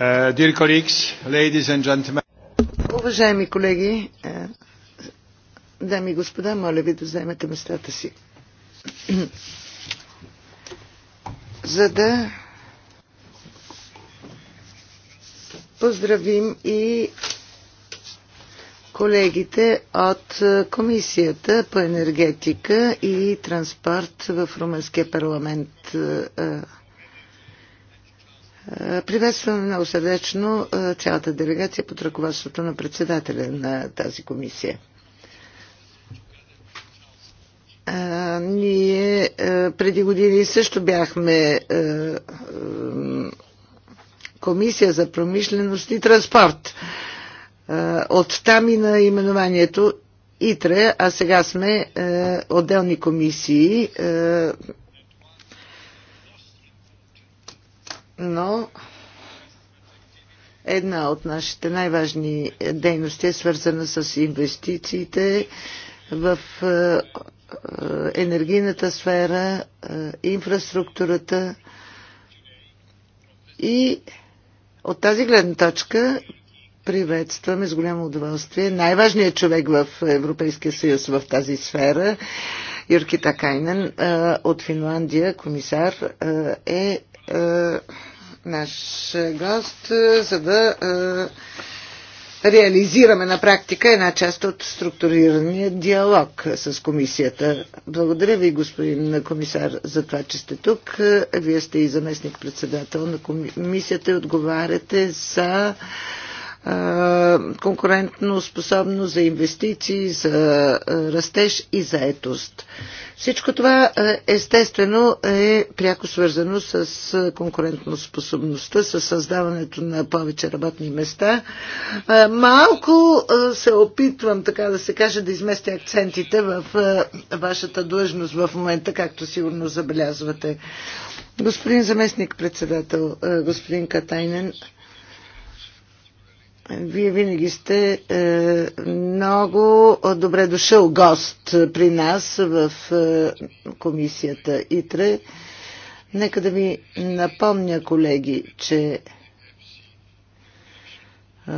Uh, Уважаеми колеги, е, дами и господа, моля ви да вземете местата си. За да поздравим и колегите от Комисията по енергетика и транспорт в Румънския парламент. Е, Приветствам много сърдечно цялата делегация под ръководството на председателя на тази комисия. ние преди години също бяхме комисия за промишленост и транспорт. от там и на именованието ИТРЕ, а сега сме отделни комисии. но една от нашите най-важни дейности е свързана с инвестициите в е, е, енергийната сфера, е, инфраструктурата и от тази гледна точка приветстваме с голямо удоволствие най-важният човек в Европейския съюз в тази сфера. Юрки Такайнен от Финландия, комисар, е е, наш гост, е, за да е, реализираме на практика една част от структурирания диалог с комисията. Благодаря ви, господин комисар, за това, че сте тук. Вие сте и заместник председател на комисията и отговаряте за конкурентно способно за инвестиции, за растеж и заетост. Всичко това естествено е пряко свързано с конкурентно способността, с създаването на повече работни места. Малко се опитвам, така да се каже, да изместя акцентите в вашата длъжност в момента, както сигурно забелязвате. Господин заместник председател, господин Катайнен, вие винаги сте е, много добре дошъл гост при нас в е, комисията ИТРЕ. Нека да ви напомня, колеги, че е,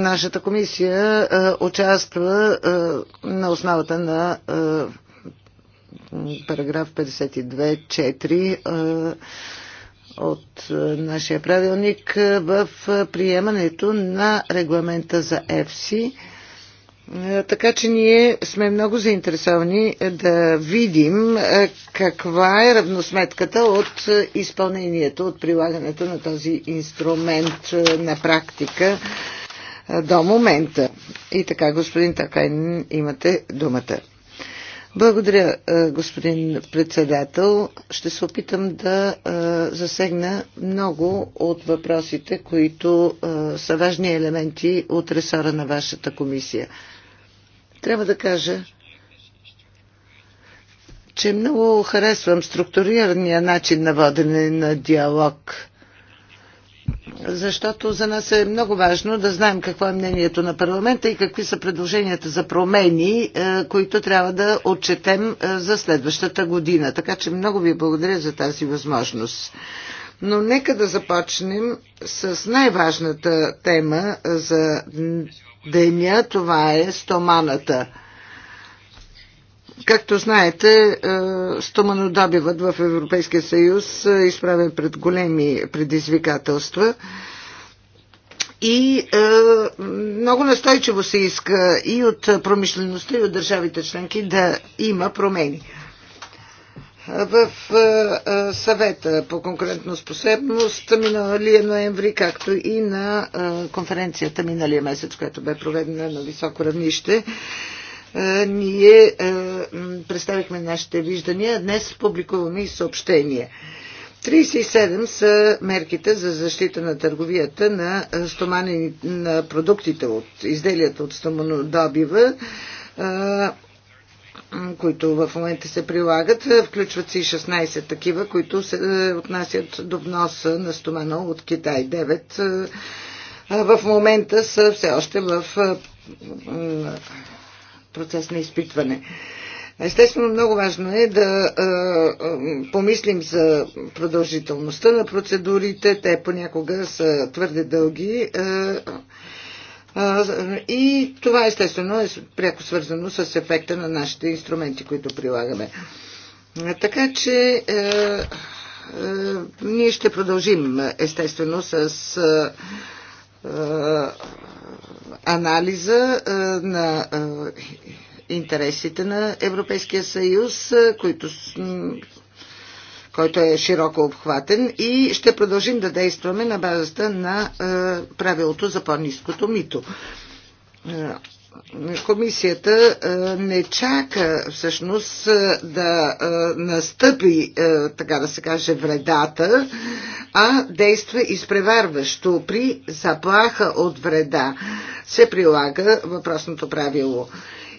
нашата комисия е, участва е, на основата на е, параграф 52.4 от е, нашия правилник е, в е, приемането на регламента за ЕФСИ. Така че ние сме много заинтересовани да видим каква е равносметката от изпълнението, от прилагането на този инструмент на практика до момента. И така, господин Такайн, имате думата. Благодаря, е, господин председател. Ще се опитам да е, засегна много от въпросите, които е, са важни елементи от ресора на вашата комисия. Трябва да кажа, че много харесвам структурирания начин на водене на диалог – защото за нас е много важно да знаем какво е мнението на парламента и какви са предложенията за промени, е, които трябва да отчетем е, за следващата година. Така че много ви благодаря за тази възможност. Но нека да започнем с най-важната тема за деня. Това е стоманата. Както знаете, е, стоманодобивът в Европейския съюз е изправен пред големи предизвикателства и е, много настойчиво се иска и от промишлеността, и от държавите членки да има промени. В съвета по способност миналия ноември, както и на конференцията миналия месец, която бе проведена на високо равнище, е, ние е, представихме нашите виждания, днес публикуваме и съобщение. 37 са мерките за защита на търговията на, е, стомани, на продуктите от изделията от стоманодобива които в момента се прилагат. Включват се и 16 такива, които се отнасят до вноса на стомана от Китай. 9 в момента са все още в процес на изпитване. Естествено, много важно е да а, а, помислим за продължителността на процедурите. Те понякога са твърде дълги. А, а, и това естествено е пряко свързано с ефекта на нашите инструменти, които прилагаме. Така че е, е, ние ще продължим естествено с е, е, анализа е, на е, интересите на Европейския съюз, които, който е широко обхватен и ще продължим да действаме на базата на правилото за по-низкото мито комисията не чака всъщност да настъпи, така да се каже, вредата, а действа изпреварващо при заплаха от вреда. Се прилага въпросното правило.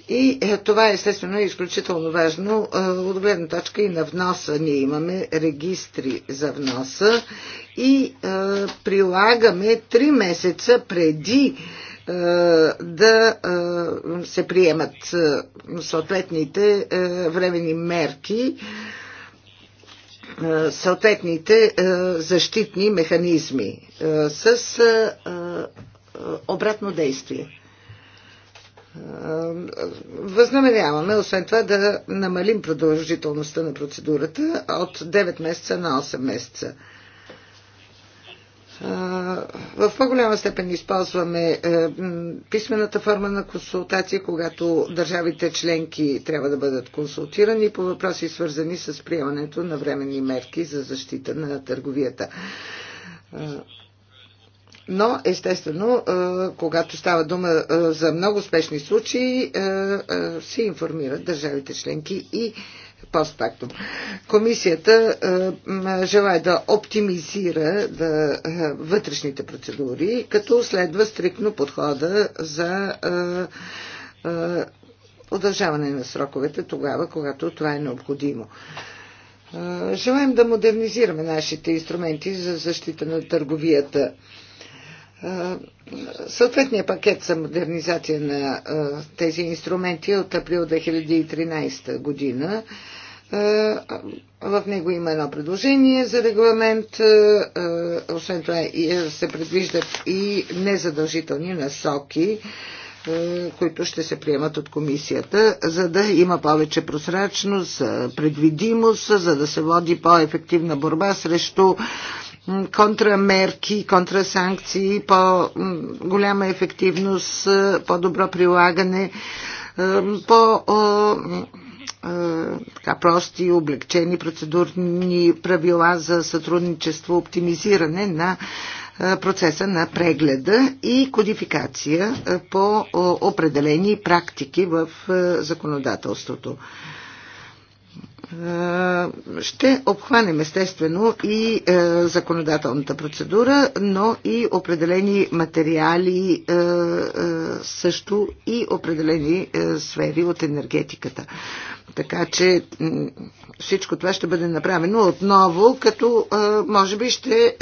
И е, това е, естествено е изключително важно. От гледна точка и на вноса ние имаме регистри за вноса и прилагаме три месеца преди е, да е, се приемат е, съответните времени мерки, съответните защитни механизми с обратно действие. Възнамеряваме, освен това, да намалим продължителността на процедурата от 9 месеца на 8 месеца в по-голяма степен използваме е, писмената форма на консултация, когато държавите членки трябва да бъдат консултирани по въпроси, свързани с приемането на временни мерки за защита на търговията. Но, естествено, е, когато става дума е, за много спешни случаи, се информират държавите членки и постфактум. Комисията е, желая да оптимизира да, е, вътрешните процедури, като следва стрикно подхода за е, удължаване на сроковете тогава, когато това е необходимо. Желаем да модернизираме нашите инструменти за защита на търговията. Съответният пакет за модернизация на тези инструменти е от април 2013 година е, в него има едно предложение за регламент. Е, е, освен това се предвиждат и незадължителни насоки, които ще се приемат от комисията, за да има повече просрачност, предвидимост, за да се води по-ефективна борба срещу контрамерки, контрасанкции, по-голяма ефективност, по-добро прилагане, по така прости, облегчени процедурни правила за сътрудничество, оптимизиране на процеса на прегледа и кодификация по определени практики в законодателството. Е, ще обхванем естествено и е, законодателната процедура, но и определени материали, е, също и определени сфери от енергетиката. Така че всичко това ще бъде направено отново, като може би ще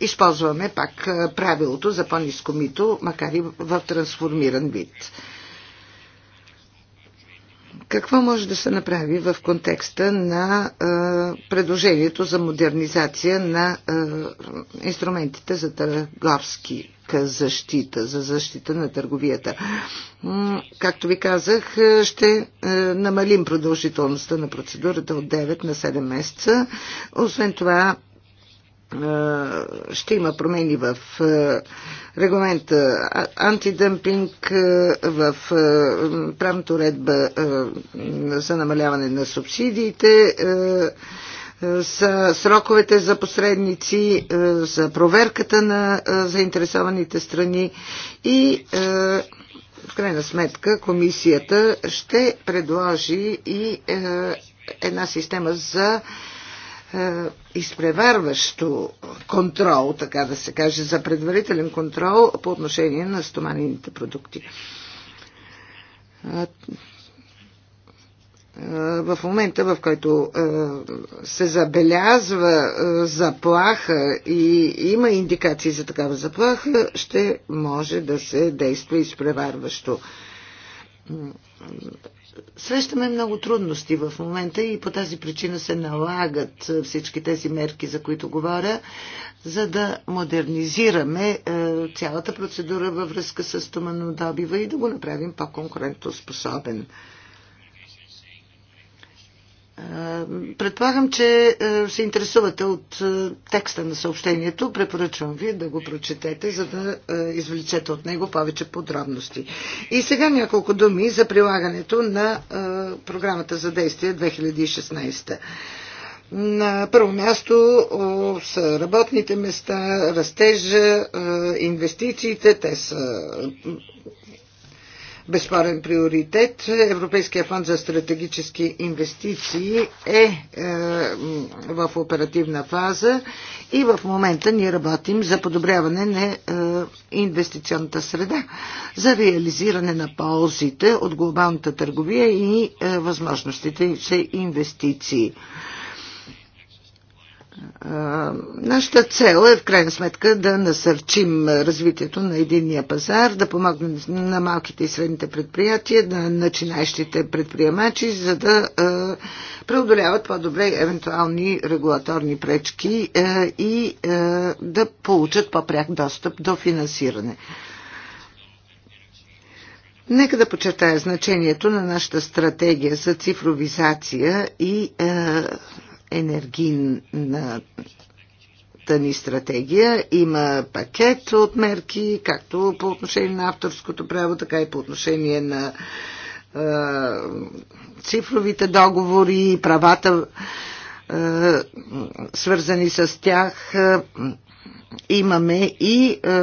използваме пак правилото за по-низко мито, макар и в трансформиран вид. Какво може да се направи в контекста на а, предложението за модернизация на а, инструментите за търговски защита, за защита на търговията? Както ви казах, ще намалим продължителността на процедурата от 9 на 7 месеца. Освен това, е, ще има промени в е, регламента антидъмпинг, е, в правната редба за намаляване на субсидиите, за сроковете за посредници, за проверката на заинтересованите страни и в крайна сметка комисията ще предложи и една система за е, изпреварващо контрол, така да се каже, за предварителен контрол по отношение на стоманените продукти. Е, е, в момента, в който се забелязва заплаха и има индикации за такава заплаха, ще може да се действа изпреварващо срещаме много трудности в момента и по тази причина се налагат е, всички тези мерки, за които говоря, за да модернизираме е, цялата процедура във връзка с туманодобива и да го направим по-конкурентоспособен. способен. Е, предполагам, че е, се интересувате от е, текста на съобщението. Препоръчвам ви да го прочетете, за да извлечете от него повече подробности. И сега няколко думи за прилагането на програмата за действие 2016. На първо място са работните места, растежа, инвестициите, те са безспорен приоритет. Европейския фонд за стратегически инвестиции е, е в оперативна фаза и в момента ние работим за подобряване на е, инвестиционната среда, за реализиране на ползите от глобалната търговия и е, възможностите за инвестиции. Нашата цел е в крайна сметка да насърчим развитието на единния пазар, да помогнем на малките и средните предприятия, на начинаещите предприемачи, за да преодоляват по-добре евентуални регулаторни пречки и да получат по-пряк достъп до финансиране. Нека да почертая значението на нашата стратегия за цифровизация и е, енергийната ни стратегия. Има пакет от мерки, както по отношение на авторското право, така и по отношение на е, цифровите договори и правата, е, свързани с тях. Имаме и е,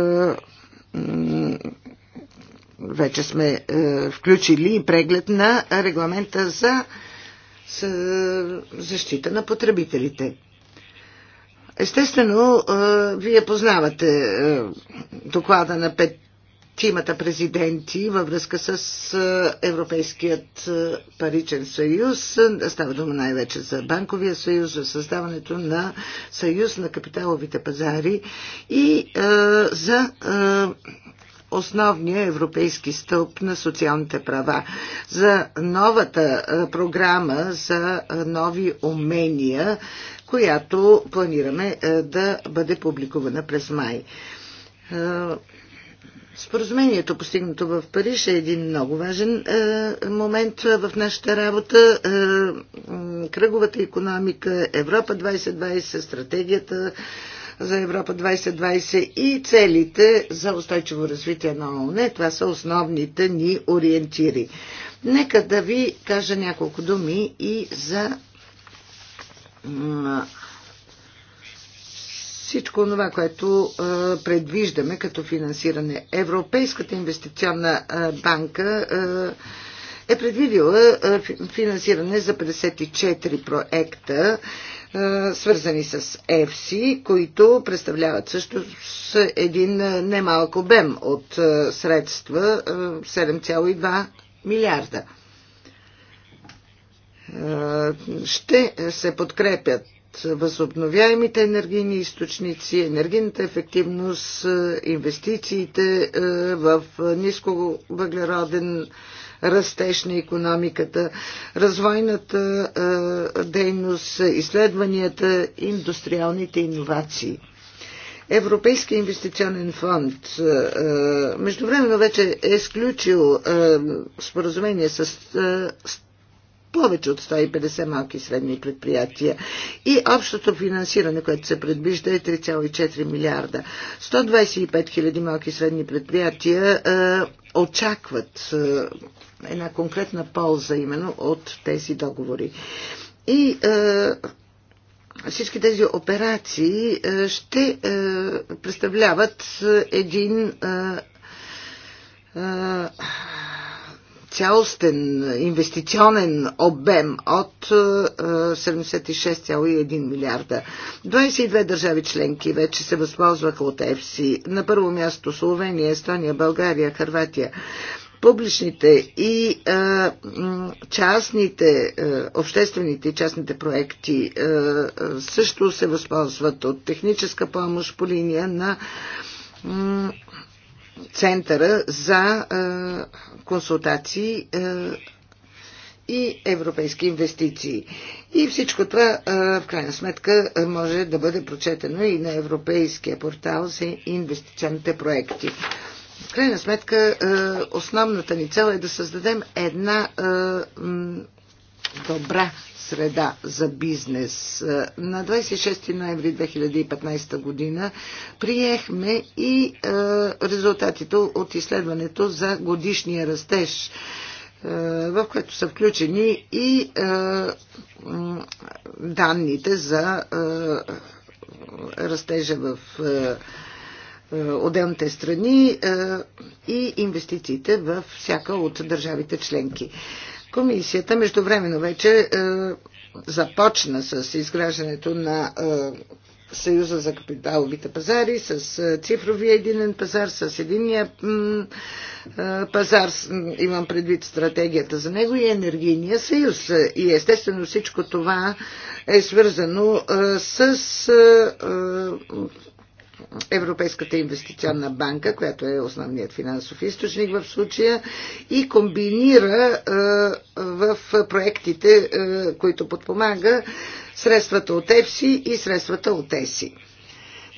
вече сме е, включили преглед на регламента за е, е, защита на потребителите. Естествено, е, вие познавате е, доклада на петимата президенти във връзка с Европейският паричен съюз. Става дума най-вече за Банковия съюз, за създаването на съюз на капиталовите пазари и за основния европейски стълб на социалните права. За новата програма за нови умения, която планираме да бъде публикувана през май. Споразумението, постигнато в Париж, е един много важен е, момент в нашата работа. Е, кръговата економика, Европа 2020, стратегията за Европа 2020 и целите за устойчиво развитие на ООН. Това са основните ни ориентири. Нека да ви кажа няколко думи и за всичко това, което предвиждаме като финансиране. Европейската инвестиционна банка е предвидила финансиране за 54 проекта е, свързани с FC, които представляват също с един е, немалко обем от е, средства 7,2 милиарда. Ще се подкрепят възобновяемите енергийни източници, енергийната ефективност, инвестициите в нисковъглероден въглероден растеж на економиката, развойната дейност, изследванията, индустриалните иновации. Европейския инвестиционен фонд междувременно вече е сключил споразумение с повече от 150 малки и средни предприятия. И общото финансиране, което се предвижда е 3,4 милиарда. 125 хиляди малки и средни предприятия очакват една конкретна полза именно от тези договори. И всички тези операции ще представляват един цялостен инвестиционен обем от 76,1 е, е, милиарда. 22 държави членки вече се възползваха от ЕФСИ. На първо място Словения, Естония, България, Харватия публичните и е, частните, е, обществените и частните проекти е, е, също се възползват от техническа помощ по линия на Центъра за консултации и европейски инвестиции. И всичко това, в крайна сметка, може да бъде прочетено и на Европейския портал за инвестиционните проекти. В крайна сметка, основната ни цел е да създадем една добра среда за бизнес. Е, на 26 ноември 2015 година приехме и е, резултатите от изследването за годишния растеж е, в което са включени и данните за растежа в отделните страни и инвестициите във всяка от държавите членки. Комисията междувременно вече е, започна с изграждането на е, Съюза за капиталовите пазари, с е, цифровия единен пазар, с е, пазар, имам предвид стратегията за него и енергийния съюз. И естествено всичко това е свързано е, с е, Европейската инвестиционна банка, която е основният финансов източник в случая, и комбинира е, в проектите, е, които подпомага, средствата от ЕФСИ и средствата от ЕСИ.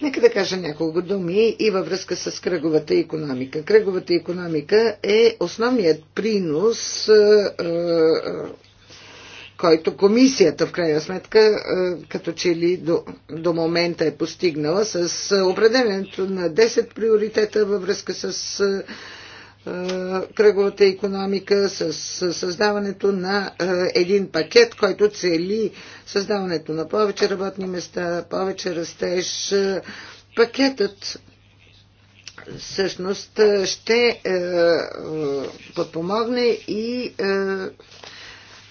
Нека да кажа няколко думи и във връзка с кръговата економика. Кръговата економика е основният принос е, който комисията в крайна сметка е, като че ли до, до момента е постигнала с е, определенето на 10 приоритета във връзка с е, е кръговата економика, с, създаването на е, един пакет, който цели създаването на повече работни места, повече растеж. Пакетът всъщност ще е, подпомогне и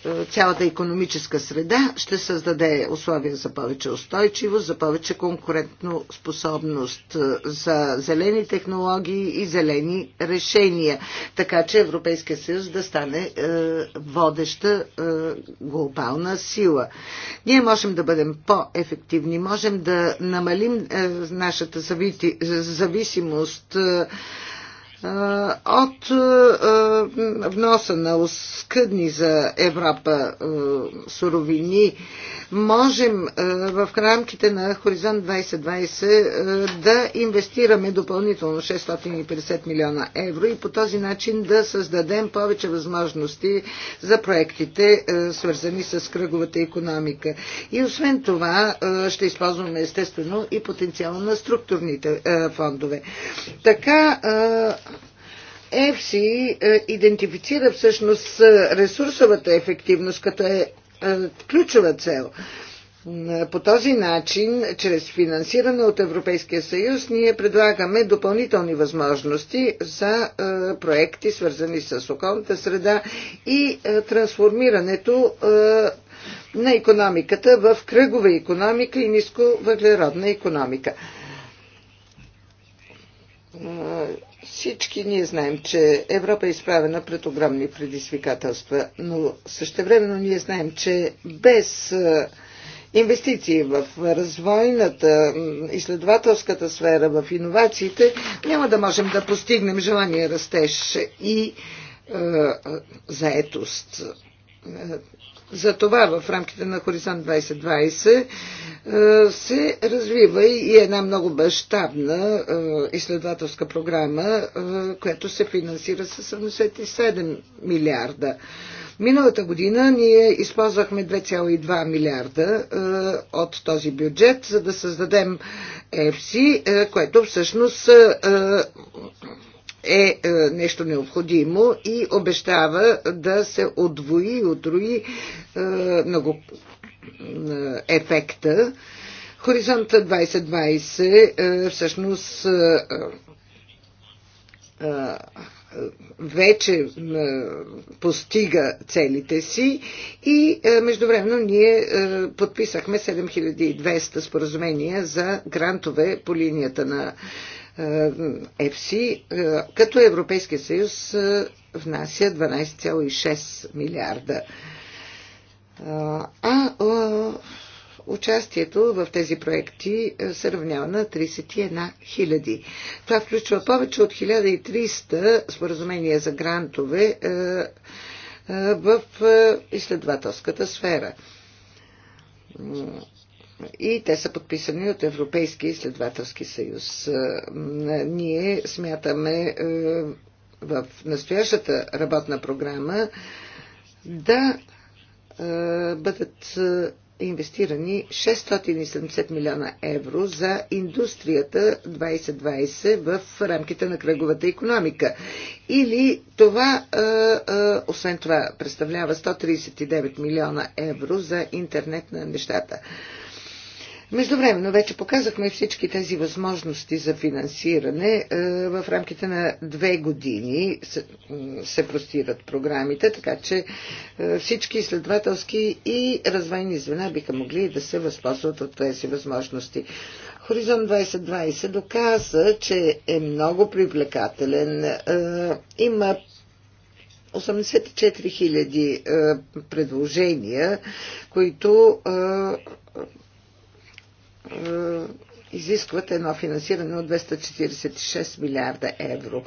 е, цялата економическа среда ще създаде условия за повече устойчивост, за повече конкурентно способност, е, за зелени технологии и зелени решения, така че Европейския съюз да стане е, водеща е, глобална сила. Ние можем да бъдем по-ефективни, можем да намалим е, нашата зависимост е, от вноса на оскъдни за Европа суровини можем в рамките на Хоризонт 2020 да инвестираме допълнително 650 милиона евро и по този начин да създадем повече възможности за проектите, свързани с кръговата економика. И освен това ще използваме естествено и потенциално на структурните фондове. Така ЕФСИ е, идентифицира всъщност е, ресурсовата ефективност като е, е ключова цел. По този начин, чрез финансиране от Европейския съюз, ние предлагаме допълнителни възможности за проекти, свързани с околната среда и трансформирането на економиката в кръгова економика и нисковъглеродна економика всички ние знаем, че Европа е изправена пред огромни предизвикателства, но същевременно ние знаем, че без инвестиции в развойната, изследователската сфера, в иновациите, няма да можем да постигнем желания растеж и е, заетост. За това в рамките на Хоризонт 2020 е, се развива и една много бащабна е, изследователска програма, е, която се финансира с 77 милиарда. Миналата година ние използвахме 2,2 милиарда от този бюджет, за да създадем EFSI, което всъщност е, е нещо необходимо и обещава да се отвои и отруи е, много е, ефекта. Хоризонт 2020 всъщност вече постига целите си и е, междувременно ние е, подписахме 7200 споразумения за грантове по линията на е, ЕФСИ, като Европейския съюз внася 12,6 милиарда. А участието в тези проекти е, се равнява на 31 000. Това включва повече от 1300 споразумения за грантове е, е, в изследователската сфера. И те са подписани от Европейския изследователски съюз. Ние смятаме в настоящата работна програма да бъдат инвестирани 670 милиона евро за индустрията 2020 в рамките на кръговата економика. Или това, освен това, представлява 139 милиона евро за интернет на нещата. Междувременно вече показахме всички тези възможности за финансиране. Е, в рамките на две години се простират програмите, така че е, всички изследователски и развойни звена биха могли да се възползват от тези възможности. Хоризонт 2020 доказа, че е много привлекателен. Е, има 84 000 предложения, които е, изискват едно финансиране от 246 милиарда евро. Е,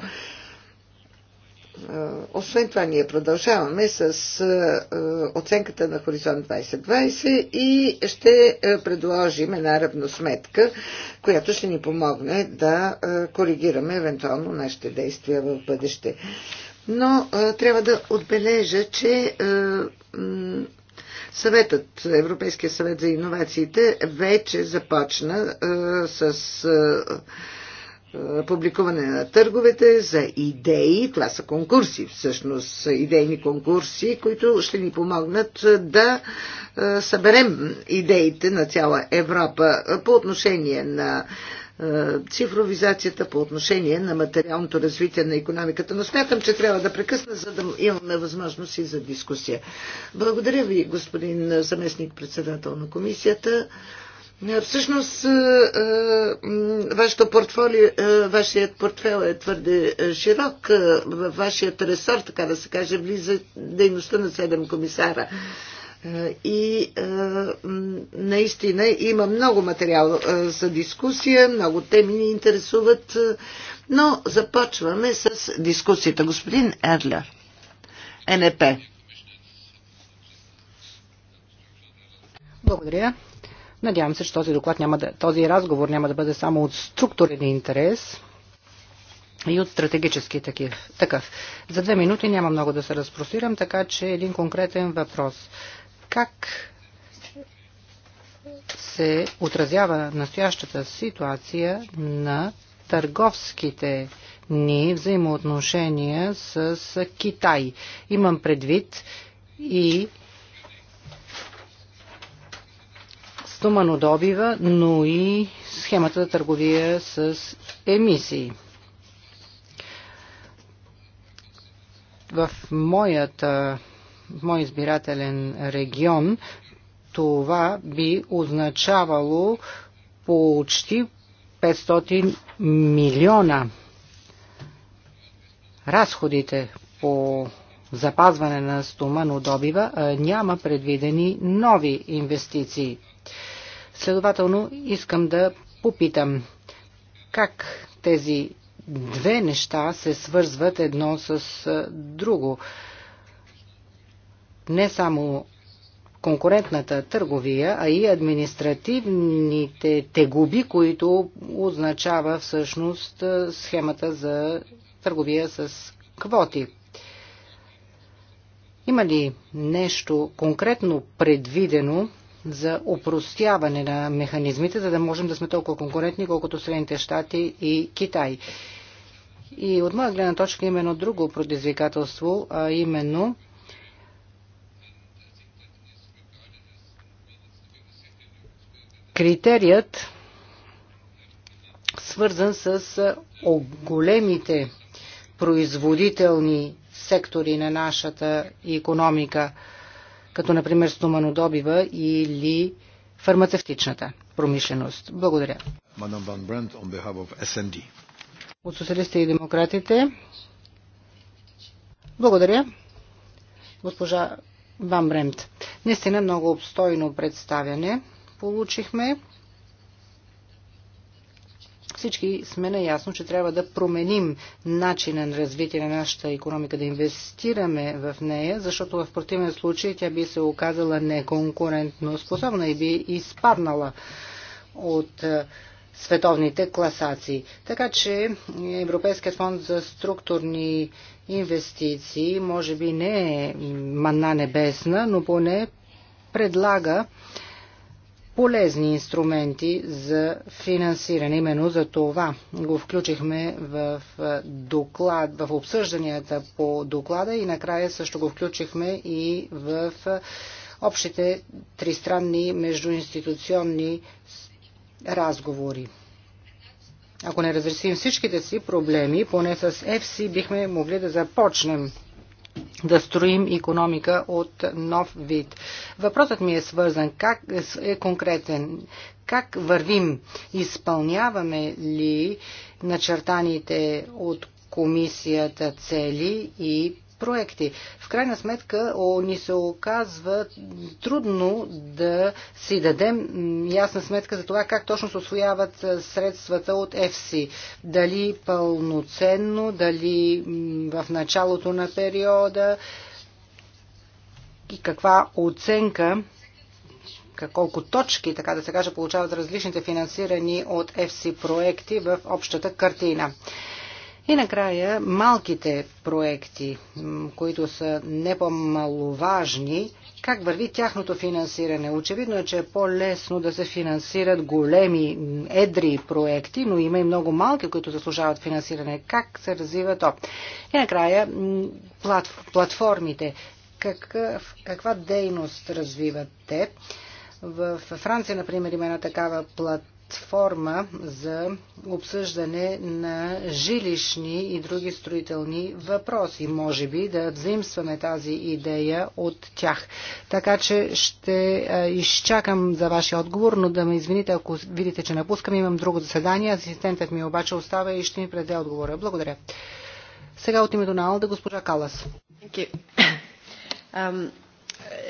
освен това, ние продължаваме с е, оценката на Хоризонт 2020 и ще предложим една равносметка, която ще ни помогне да коригираме евентуално нашите действия в бъдеще. Но трябва да отбележа, че Съветът, Европейския съвет за иновациите, вече започна е, с е, е, публикуване на търговете за идеи, това са конкурси всъщност, идейни конкурси, които ще ни помогнат да съберем идеите на цяла Европа по отношение на е, цифровизацията по отношение на материалното развитие на економиката. Но смятам, че трябва да прекъсна, за да имаме възможност и за дискусия. Благодаря ви, господин заместник председател на комисията. Е, всъщност, е, вашето портфолио, вашият портфел е твърде широк. Във вашият ресор, така да се каже, влиза дейността на седем комисара. Е, и е, наистина има много материал е, за дискусия, много теми ни интересуват, но започваме с дискусията. Господин Едлер, НЕП. Благодаря. Надявам се, че този доклад няма да, този разговор няма да бъде само от структурен интерес и от стратегически такив, такъв. За две минути няма много да се разпростирам, така че един конкретен въпрос как се отразява настоящата ситуация на търговските ни взаимоотношения с Китай. Имам предвид и стоманодобива, но и схемата за търговия с емисии. В моята в мой избирателен регион, това би означавало почти 500 милиона. Разходите по запазване на добива няма предвидени нови инвестиции. Следователно искам да попитам как тези две неща се свързват едно с друго не само конкурентната търговия, а и административните тегуби, които означава всъщност схемата за търговия с квоти. Има ли нещо конкретно предвидено за упростяване на механизмите, за да можем да сме толкова конкурентни, колкото Средните щати и Китай? И от моя гледна точка именно друго предизвикателство, а именно критерият, свързан с големите производителни сектори на нашата економика, като например стоманодобива или фармацевтичната промишленост. Благодаря. Мадам Ван Брент, on behalf of SND. От социалистите и демократите. Благодаря. Госпожа Ван Бремт. Наистина много обстойно представяне получихме. Всички сме наясно, че трябва да променим начина на развитие на нашата економика, да инвестираме в нея, защото в противен случай тя би се оказала неконкурентно способна и би изпаднала от е, световните класации. Така че Европейският фонд за структурни инвестиции може би не е манна небесна, но поне предлага полезни инструменти за финансиране. Именно за това го включихме в, доклад, в обсъжданията по доклада и накрая също го включихме и в общите тристранни междуинституционни разговори. Ако не разрешим всичките си проблеми, поне с FC бихме могли да започнем да строим економика от нов вид. Въпросът ми е свързан как е конкретен. Как вървим? Изпълняваме ли начертаните от комисията цели и проекти. В крайна сметка о, ни се оказва трудно да си дадем ясна сметка за това как точно се освояват е, средствата от ЕФСИ. Дали пълноценно, дали в началото на периода и каква оценка колко точки, така да се каже, получават различните финансирани от FC проекти в общата картина. И накрая малките проекти, които са не по-маловажни, как върви тяхното финансиране? Очевидно е, че е по-лесно да се финансират големи, едри проекти, но има и много малки, които заслужават финансиране. Как се развива то? И накрая платформите. Какъв, каква дейност развиват те? В Франция, например, има една такава платформа платформа за обсъждане на жилищни и други строителни въпроси. Може би да взаимстваме тази идея от тях. Така че ще изчакам за вашия отговор, но да ме извините, ако видите, че напускам, имам друго заседание. Асистентът ми обаче остава и ще ми преде отговора. Благодаря. Сега от името на Алда госпожа Калас. Thank you. Um...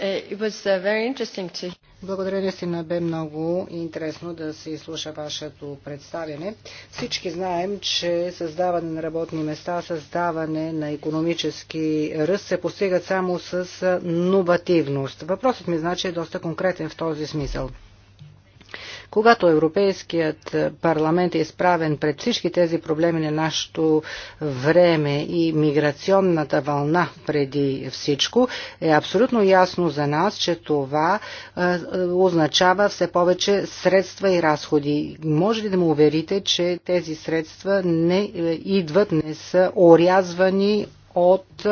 Uh, uh, Благодаря наистина, бе много интересно да се изслуша вашето представяне. Всички знаем, че създаване на работни места, създаване на економически ръст се постигат само с новативност. Въпросът ми значи е доста конкретен в този смисъл. Когато Европейският парламент е изправен пред всички тези проблеми на нашето време и миграционната вълна преди всичко, е абсолютно ясно за нас, че това означава все повече средства и разходи. Може ли да му уверите, че тези средства не е, идват, не са орязвани от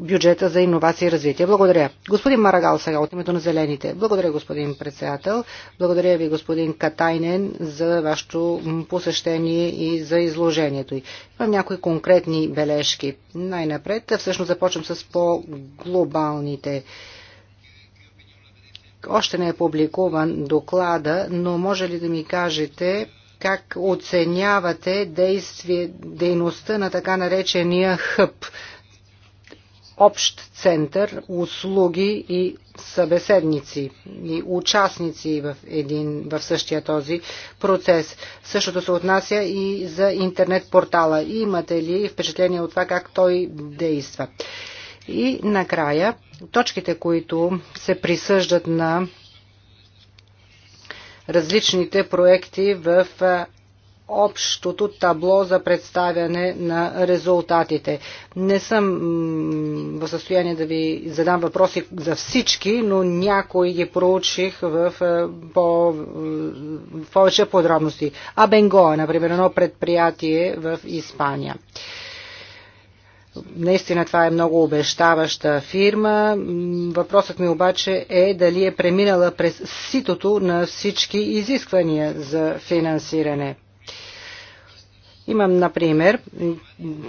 бюджета за иновации и развитие. Благодаря. Господин Марагал сега от името на Зелените. Благодаря, господин председател. Благодаря ви, господин Катайнен, за вашето посещение и за изложението. й. Имам някои конкретни бележки. Най-напред, всъщност започвам с по-глобалните още не е публикуван доклада, но може ли да ми кажете как оценявате действие, дейността на така наречения хъп общ център, услуги и събеседници и участници в, един, в същия този процес. Същото се отнася и за интернет портала. И имате ли впечатление от това как той действа? И накрая, точките, които се присъждат на различните проекти в общото табло за представяне на резултатите. Не съм в състояние да ви задам въпроси за всички, но някои ги проучих в, е, по, в повече подробности. Абенго е, например, едно предприятие в Испания. Наистина това е много обещаваща фирма. Въпросът ми обаче е дали е преминала през ситото на всички изисквания за финансиране. Имам, например,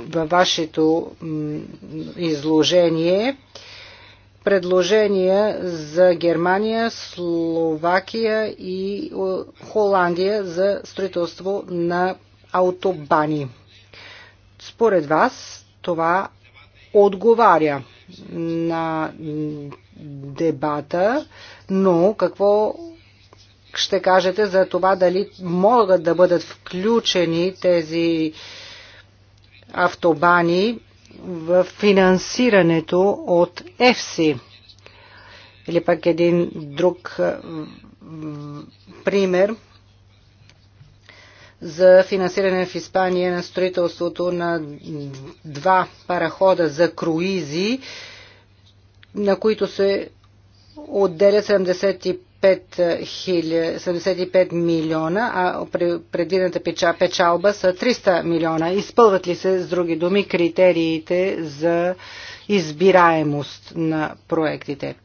във вашето изложение предложения за Германия, Словакия и Холандия за строителство на автобани. Според вас това отговаря на дебата, но какво ще кажете за това дали могат да бъдат включени тези автобани в финансирането от ЕФСИ? Или пък един друг пример за финансиране в Испания на строителството на два парахода за круизи, на които се отделя 75 75 милиона, а предвидената печалба са 300 милиона. Изпълват ли се, с други думи, критериите за избираемост на проектите?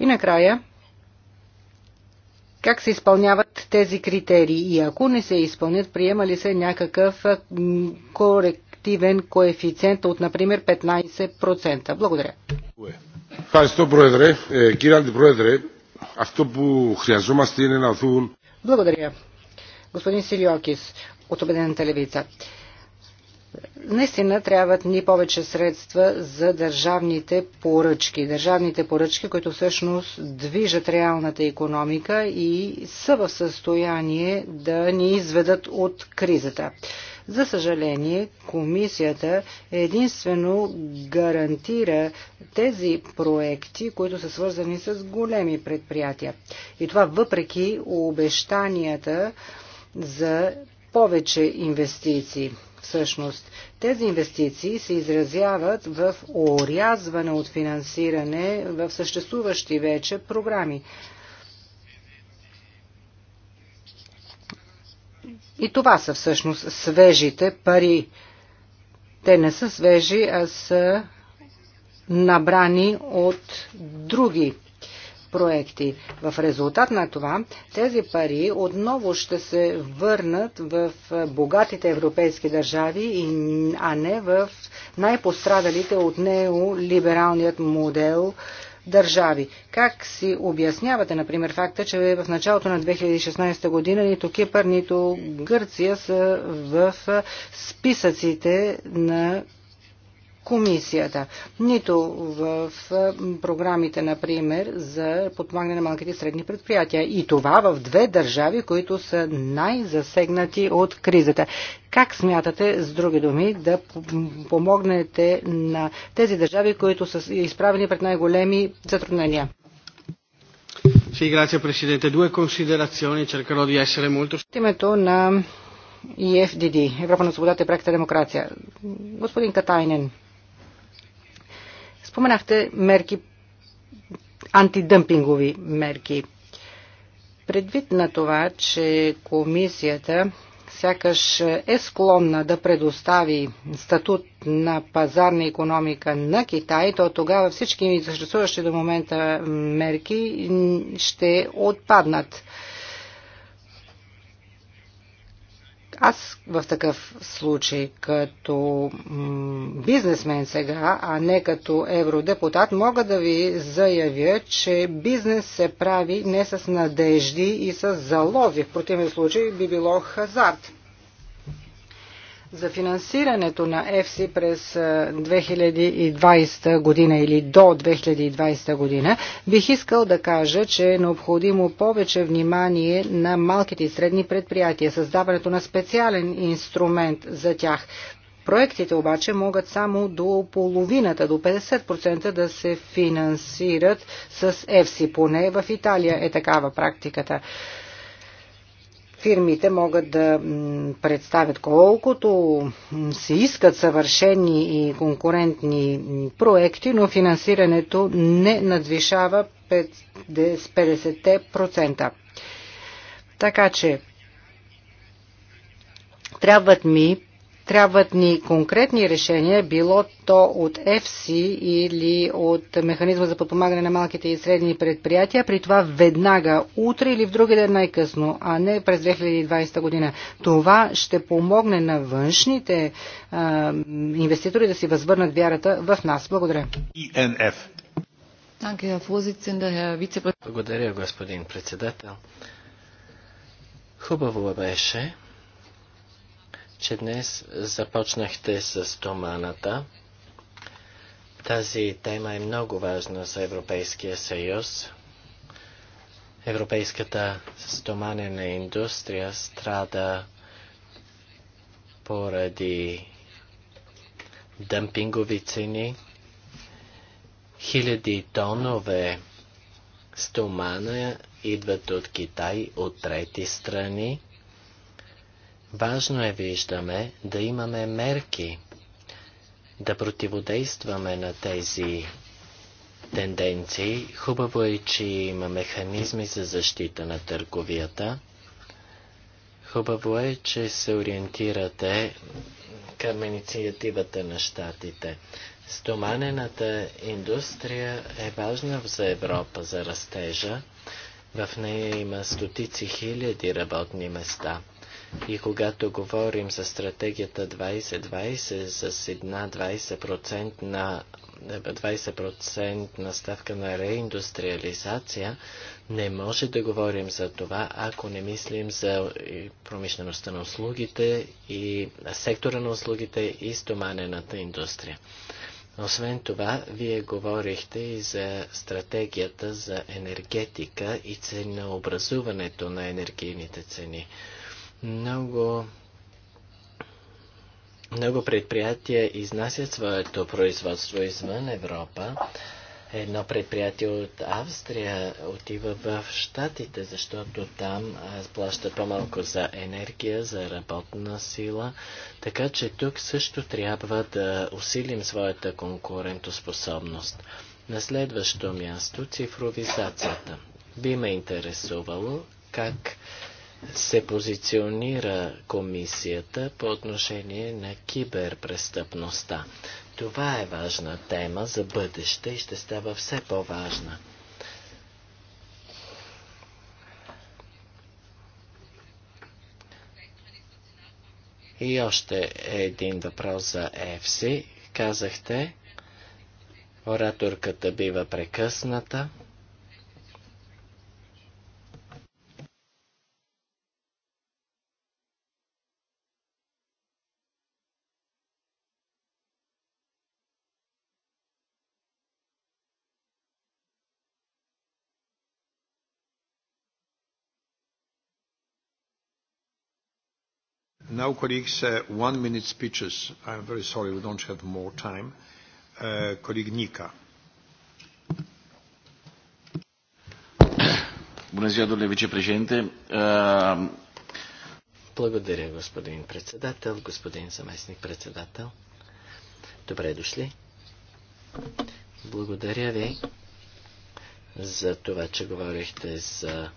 И накрая, как се изпълняват тези критерии и ако не се изпълнят, приема ли се някакъв корек ефективен коефициент от, например, 15%. Благодаря. Благодаря. Господин Силиокис от обедена левица. Наистина трябват ни повече средства за държавните поръчки. Държавните поръчки, които всъщност движат реалната економика и са в състояние да ни изведат от кризата. За съжаление, комисията единствено гарантира тези проекти, които са свързани с големи предприятия. И това въпреки обещанията за повече инвестиции. Всъщност, тези инвестиции се изразяват в орязване от финансиране в съществуващи вече програми. И това са всъщност свежите пари. Те не са свежи, а са набрани от други проекти. В резултат на това тези пари отново ще се върнат в богатите европейски държави, а не в най-пострадалите от неолибералният модел държави. Как си обяснявате, например, факта, че в началото на 2016 година нито Кипър, нито Гърция са в списъците на комисията. Нито в програмите, например, за подпомагане на малките и средни предприятия. И това в две държави, които са най-засегнати от кризата. Как смятате, с други думи, да помогнете на тези държави, които са изправени пред най-големи затруднения? Sì, grazie Presidente. Due considerazioni, cercherò di essere molto... Името на EFDD, Европа на свободата и пряката демокрация. Господин Катайнен, Споменахте мерки, антидъмпингови мерки. Предвид на това, че комисията сякаш е склонна да предостави статут на пазарна економика на Китай, то тогава всички съществуващи до момента мерки ще отпаднат. Аз в такъв случай като бизнесмен сега, а не като евродепутат, мога да ви заявя, че бизнес се прави не с надежди и с залози. В противен случай би било хазарт за финансирането на ЕФСИ през 2020 година или до 2020 година, бих искал да кажа, че е необходимо повече внимание на малките и средни предприятия, създаването на специален инструмент за тях. Проектите обаче могат само до половината, до 50% да се финансират с ЕФСИ, поне в Италия е такава практиката. Фирмите могат да представят колкото се искат съвършени и конкурентни проекти, но финансирането не надвишава 50%. Така че трябват ми Трябват ни конкретни решения, било то от ЕФСИ или от Механизма за подпомагане на малките и средни предприятия, при това веднага, утре или в други ден най-късно, а не през 2020 година. Това ще помогне на външните а, инвеститори да си възвърнат вярата в нас. Благодаря. E ENF. Благодаря, господин председател. Хубаво беше че днес започнахте с томаната. Тази тема е много важна за Европейския съюз. Европейската стоманена индустрия страда поради дъмпингови цени. Хиляди тонове стомана идват от Китай, от трети страни. Важно е, виждаме, да имаме мерки, да противодействаме на тези тенденции. Хубаво е, че има механизми за защита на търговията. Хубаво е, че се ориентирате към инициативата на щатите. Стоманената индустрия е важна за Европа за растежа. В нея има стотици хиляди работни места. И когато говорим за стратегията 2020 с една 20% на 20% на ставка на реиндустриализация, не може да говорим за това, ако не мислим за промишлеността на услугите и сектора на услугите и стоманената индустрия. Освен това, вие говорихте и за стратегията за енергетика и ценообразуването на енергийните цени. Много, много предприятия изнасят своето производство извън Европа. Едно предприятие от Австрия отива в Штатите, защото там плащат по-малко за енергия, за работна сила. Така че тук също трябва да усилим своята конкурентоспособност. На следващо място цифровизацията. Би ме интересувало как се позиционира комисията по отношение на киберпрестъпността. Това е важна тема за бъдеще и ще става все по-важна. И още един въпрос за ЕФСИ. Казахте, ораторката бива прекъсната. Now, colleagues, one-minute speeches. I'm very sorry we don't have more time. Uh, colleague Nica. Bună ziua, domnule vicepreședinte. Благодаря, господин председател, господин заместник председател. Добре дошли. Благодаря ви за това, че говорихте за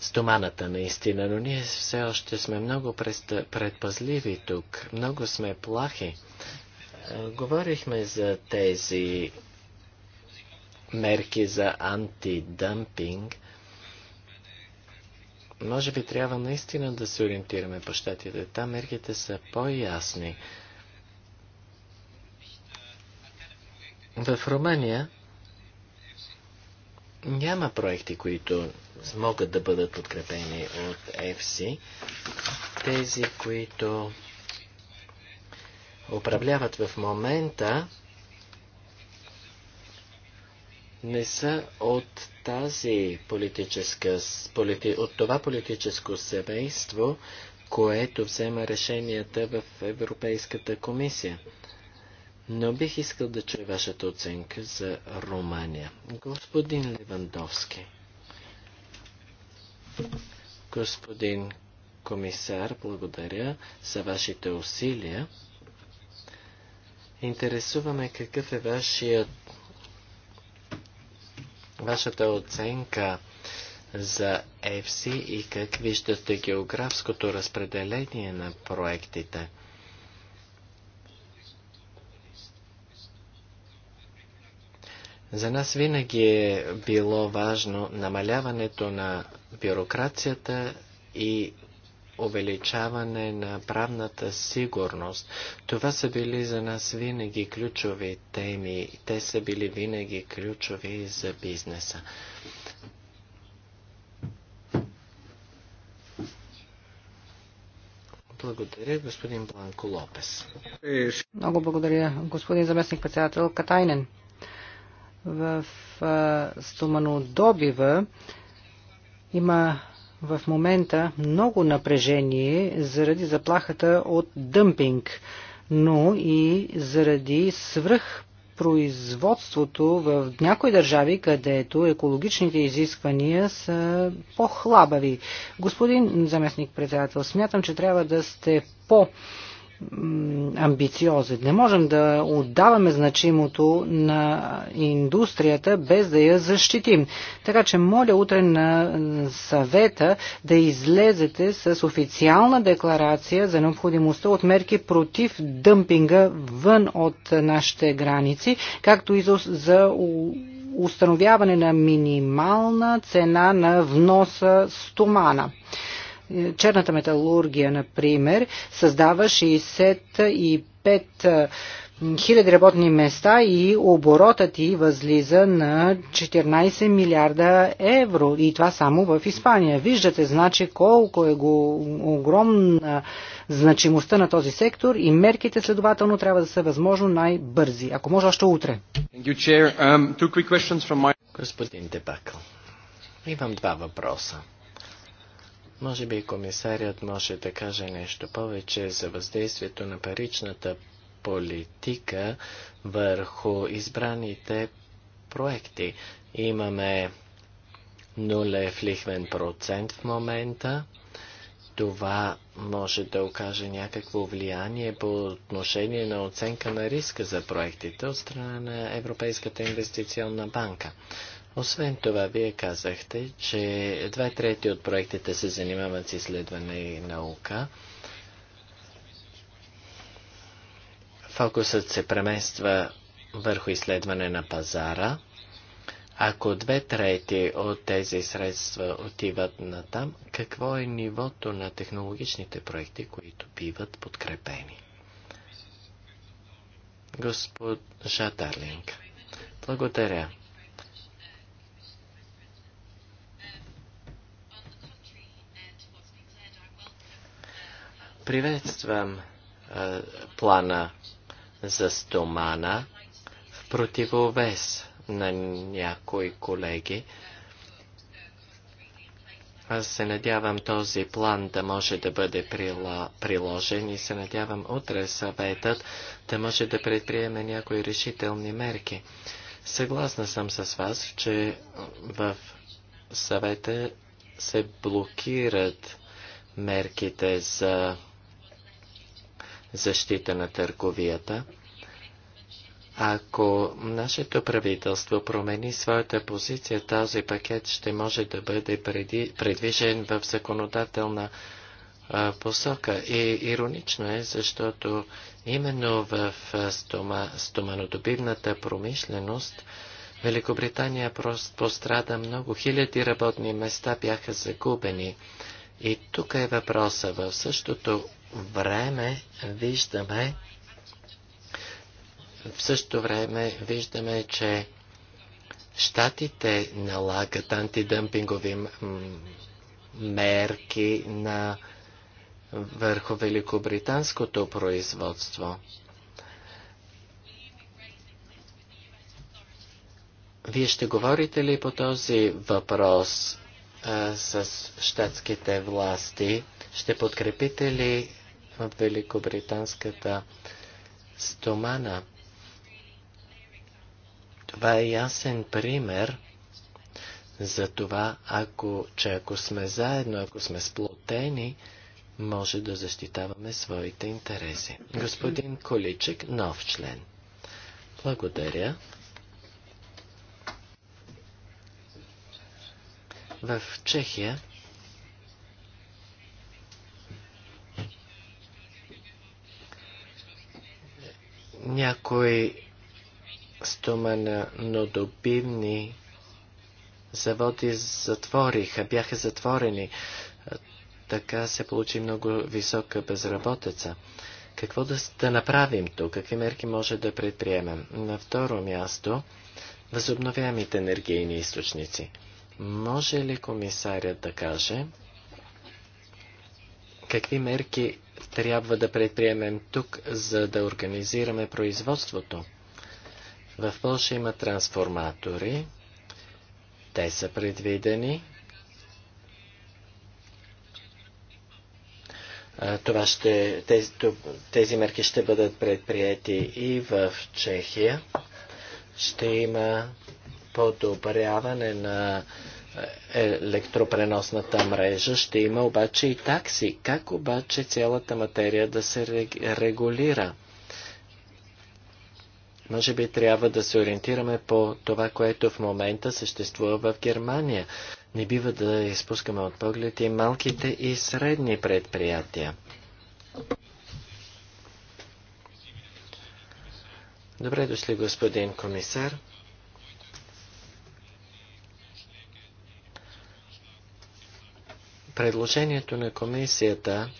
стоманата наистина, но ние все още сме много предпазливи тук, много сме плахи. Говорихме за тези мерки за антидъмпинг. Може би трябва наистина да се ориентираме по щатите. Там мерките са по-ясни. В Румъния няма проекти, които могат да бъдат подкрепени от FC. Тези, които управляват в момента, не са от тази политическа, полити, от това политическо семейство, което взема решенията в Европейската комисия но бих искал да чуя вашата оценка за Румания. Господин Левандовски, господин комисар, благодаря за вашите усилия. Интересуваме какъв е вашият, вашата оценка за ЕФСИ и как виждате географското разпределение на проектите. За нас винаги е било важно намаляването на бюрокрацията и увеличаване на правната сигурност. Това са били за нас винаги ключови теми. Те са били винаги ключови за бизнеса. Благодаря, господин Бланко Лопес. Много благодаря, господин заместник председател Катайнен в стоманодобива има в момента много напрежение заради заплахата от дъмпинг, но и заради свръх производството в някои държави, където екологичните изисквания са по-хлабави. Господин заместник председател, смятам, че трябва да сте по- амбициозен. Не можем да отдаваме значимото на индустрията без да я защитим. Така че моля утре на съвета да излезете с официална декларация за необходимостта от мерки против дъмпинга вън от нашите граници, както и за, установяване на минимална цена на вноса стомана черната металургия, например, създава 65 хиляди работни места и оборотът ти възлиза на 14 милиарда евро. И това само в Испания. Виждате, значи, колко е го огромна значимостта на този сектор и мерките следователно трябва да са възможно най-бързи. Ако може, още утре. Um, Господин Дебакъл, имам два въпроса. Може би комисарият може да каже нещо повече за въздействието на паричната политика върху избраните проекти. Имаме нулев лихвен процент в момента. Това може да окаже някакво влияние по отношение на оценка на риска за проектите от страна на Европейската инвестиционна банка. Освен това, вие казахте, че две трети от проектите се занимават с изследване и наука. Фокусът се премества върху изследване на пазара. Ако две трети от тези средства отиват на там, какво е нивото на технологичните проекти, които биват подкрепени? Господ Шатарлинг, благодаря. Приветствам а, е, плана за стомана в противовес на някои колеги. Аз се надявам този план да може да бъде приложен и се надявам утре съветът да може да предприеме някои решителни мерки. Съгласна съм с вас, че в съвета се блокират мерките за защита на търговията. Ако нашето правителство промени своята позиция, този пакет ще може да бъде преди, предвижен в законодателна а, посока. И иронично е, защото именно в стома, стоманодобивната промишленост Великобритания просто пострада много. Хиляди работни места бяха загубени. И тук е въпроса. В същото време виждаме, в същото време виждаме, че щатите налагат антидъмпингови мерки на върху великобританското производство. Вие ще говорите ли по този въпрос а, с щатските власти? Ще подкрепите ли в Великобританската стомана. Това е ясен пример за това, ако, че ако сме заедно, ако сме сплотени, може да защитаваме своите интереси. Господин Количек, нов член. Благодаря. В Чехия някои добивни заводи затвориха, бяха затворени. Така се получи много висока безработица. Какво да, да направим тук? Какви мерки може да предприемем? На второ място, възобновяемите енергийни източници. Може ли комисарят да каже какви мерки трябва да предприемем тук, за да организираме производството? В Польша има трансформатори. Те са предвидени. Това ще, тези, тези мерки ще бъдат предприяти и в Чехия. Ще има подобряване на е, електропреносната мрежа, ще има обаче и такси. Как обаче цялата материя да се регулира? Може би трябва да се ориентираме по това, което в момента съществува в Германия. Не бива да изпускаме от поглед и малките и средни предприятия. Добре дошли, господин комисар. Предложението на комисията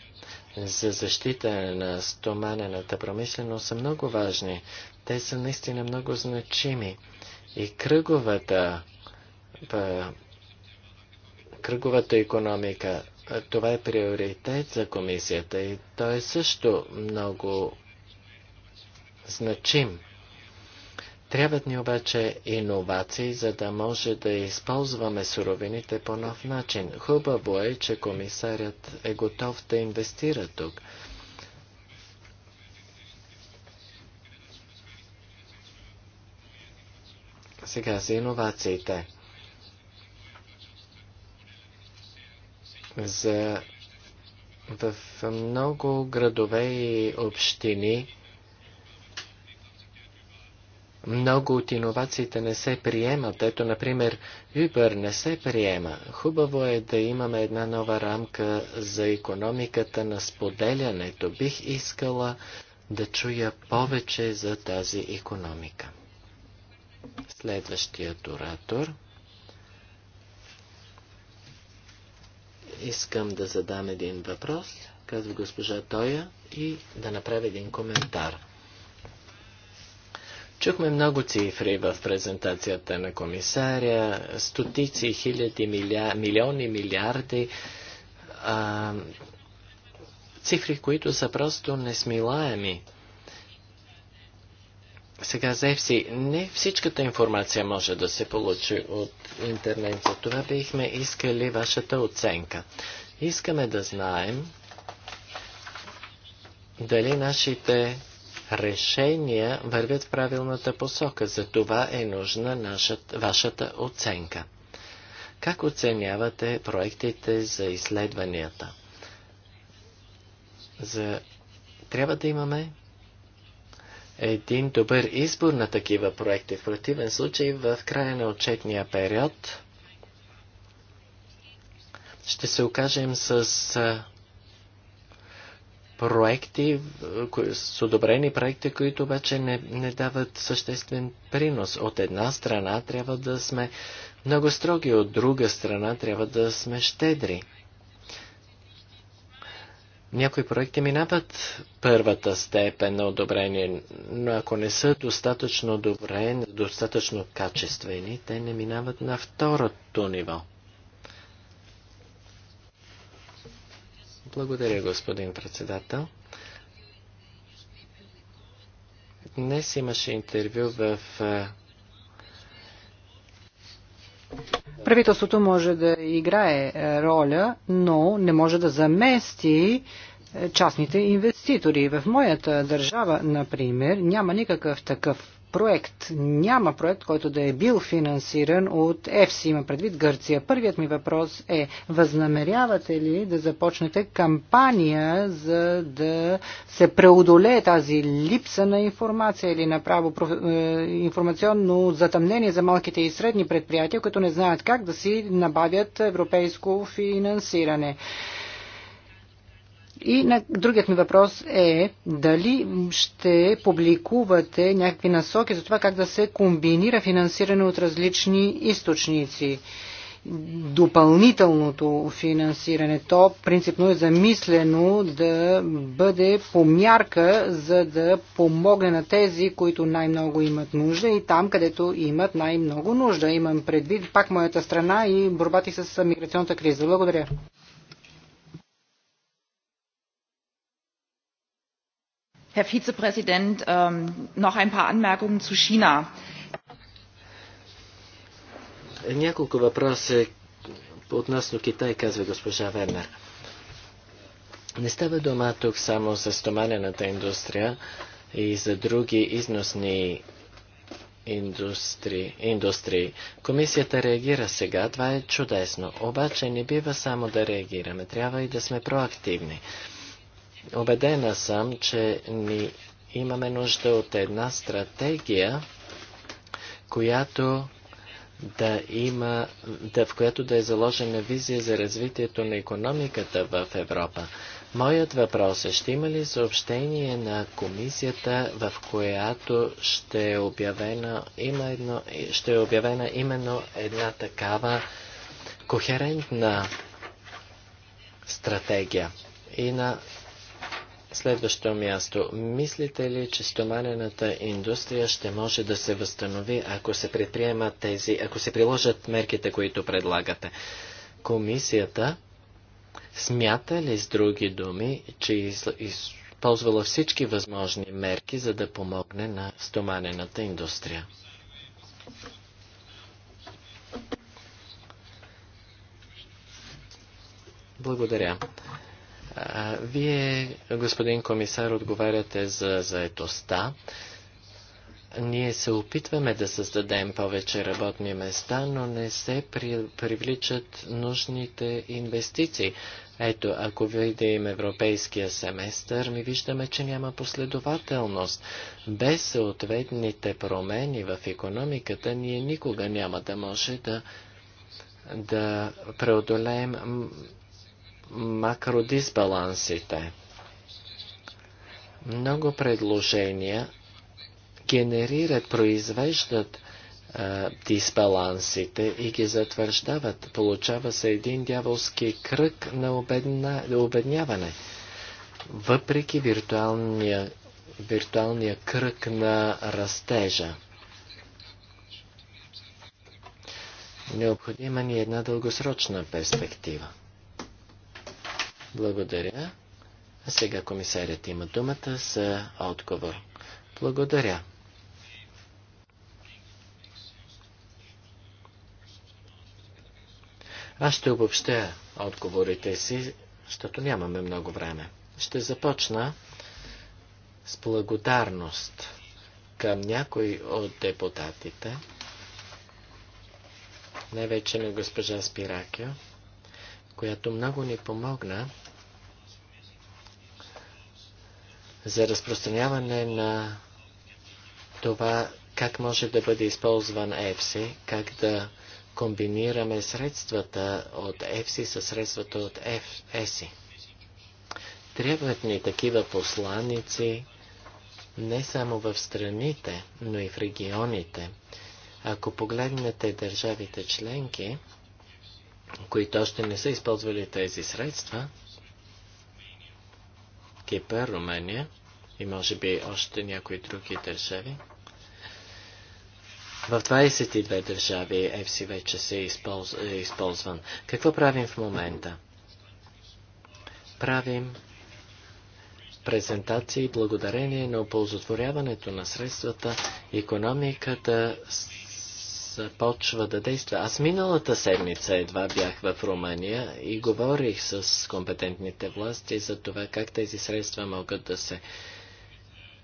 за защита на стоманената промишленост са много важни. Те са наистина много значими. И кръговата, кръговата економика, това е приоритет за комисията и той е също много значим. Трябват ни обаче иновации, за да може да използваме суровините по нов начин. Хубаво е, че комисарят е готов да инвестира тук. Сега за иновациите. За в много градове и общини много от иновациите не се приемат. Ето, например, Uber не се приема. Хубаво е да имаме една нова рамка за економиката на споделянето. Бих искала да чуя повече за тази економика. Следващият оратор. Искам да задам един въпрос, казва госпожа Тоя, и да направя един коментар. Чухме много цифри в презентацията на комисаря, стотици, хиляди, милиар, милиони, милиарди. А, цифри, които са просто несмилаеми. Сега Зевси, Не всичката информация може да се получи от интернет. За това бихме искали вашата оценка. Искаме да знаем дали нашите решения вървят в правилната посока. За това е нужна нашата, вашата оценка. Как оценявате проектите за изследванията? За... Трябва да имаме един добър избор на такива проекти. В противен случай, в края на отчетния период ще се окажем с проекти, с одобрени проекти, които обаче не, не дават съществен принос. От една страна трябва да сме много строги, от друга страна трябва да сме щедри. Някои проекти минават първата степен на одобрение, но ако не са достатъчно добре, достатъчно качествени, те не минават на второто ниво. Благодаря, господин председател. Днес имаше интервю в Правителството може да играе роля, но не може да замести частните инвеститори. В моята държава, например, няма никакъв такъв проект. Няма проект, който да е бил финансиран от ЕФС, има предвид Гърция. Първият ми въпрос е, възнамерявате ли да започнете кампания, за да се преодолее тази липса на информация или направо е, информационно затъмнение за малките и средни предприятия, които не знаят как да си набавят европейско финансиране? И на, другият ми въпрос е дали ще публикувате някакви насоки за това как да се комбинира финансиране от различни източници. Допълнителното финансиране, то принципно е замислено да бъде по мярка, за да помогне на тези, които най-много имат нужда и там, където имат най-много нужда. Имам предвид пак моята страна и борбати с миграционната криза. Благодаря. herr vizepräsident ähm, noch ein paar anmerkungen zu china няколко относно Китай, казва госпожа Не става дума тук само за стоманената индустрия и за други износни индустрии. индустрии. Комисията реагира сега, това е чудесно. Обаче не бива само да реагираме, трябва и да сме проактивни. Обедена съм, че ни имаме нужда от една стратегия, която да има, да, в която да е заложена визия за развитието на економиката в Европа. Моят въпрос е, ще има ли съобщение на комисията, в която ще е обявена, има едно, ще е обявена именно една такава кохерентна стратегия? И на Следващо място. Мислите ли, че стоманената индустрия ще може да се възстанови, ако се предприемат тези, ако се приложат мерките, които предлагате? Комисията смята ли с други думи, че из, из, използвала всички възможни мерки, за да помогне на стоманената индустрия. Благодаря. А, вие, господин комисар, отговаряте за заетостта. Ние се опитваме да създадем повече работни места, но не се при, привличат нужните инвестиции. Ето, ако видим европейския семестър, ми виждаме, че няма последователност. Без съответните промени в економиката, ние никога няма да може да, да преодолеем макродисбалансите. Много предложения генерират, произвеждат а, дисбалансите и ги затвърждават. Получава се един дяволски кръг на обедна, обедняване. Въпреки виртуалния, виртуалния кръг на растежа. Необходима ни една дългосрочна перспектива. Благодаря. А сега комисарят има думата за отговор. Благодаря. Аз ще обобщя отговорите си, защото нямаме много време. Ще започна с благодарност към някой от депутатите, най-вече на госпожа Спиракио, която много ни помогна за разпространяване на това как може да бъде използван ЕФСИ, как да комбинираме средствата от ЕФСИ с средствата от ЕСИ. Трябват ни такива посланици не само в страните, но и в регионите. Ако погледнете държавите членки, които още не са използвали тези средства, Кипър, Румъния и може би още някои други държави. В 22 държави ЕФСИ вече се е, използ... е използван. Какво правим в момента? Правим презентации благодарение на оползотворяването на средствата, економиката започва да действа. Аз миналата седмица едва бях в Румъния и говорих с компетентните власти за това как тези средства могат да се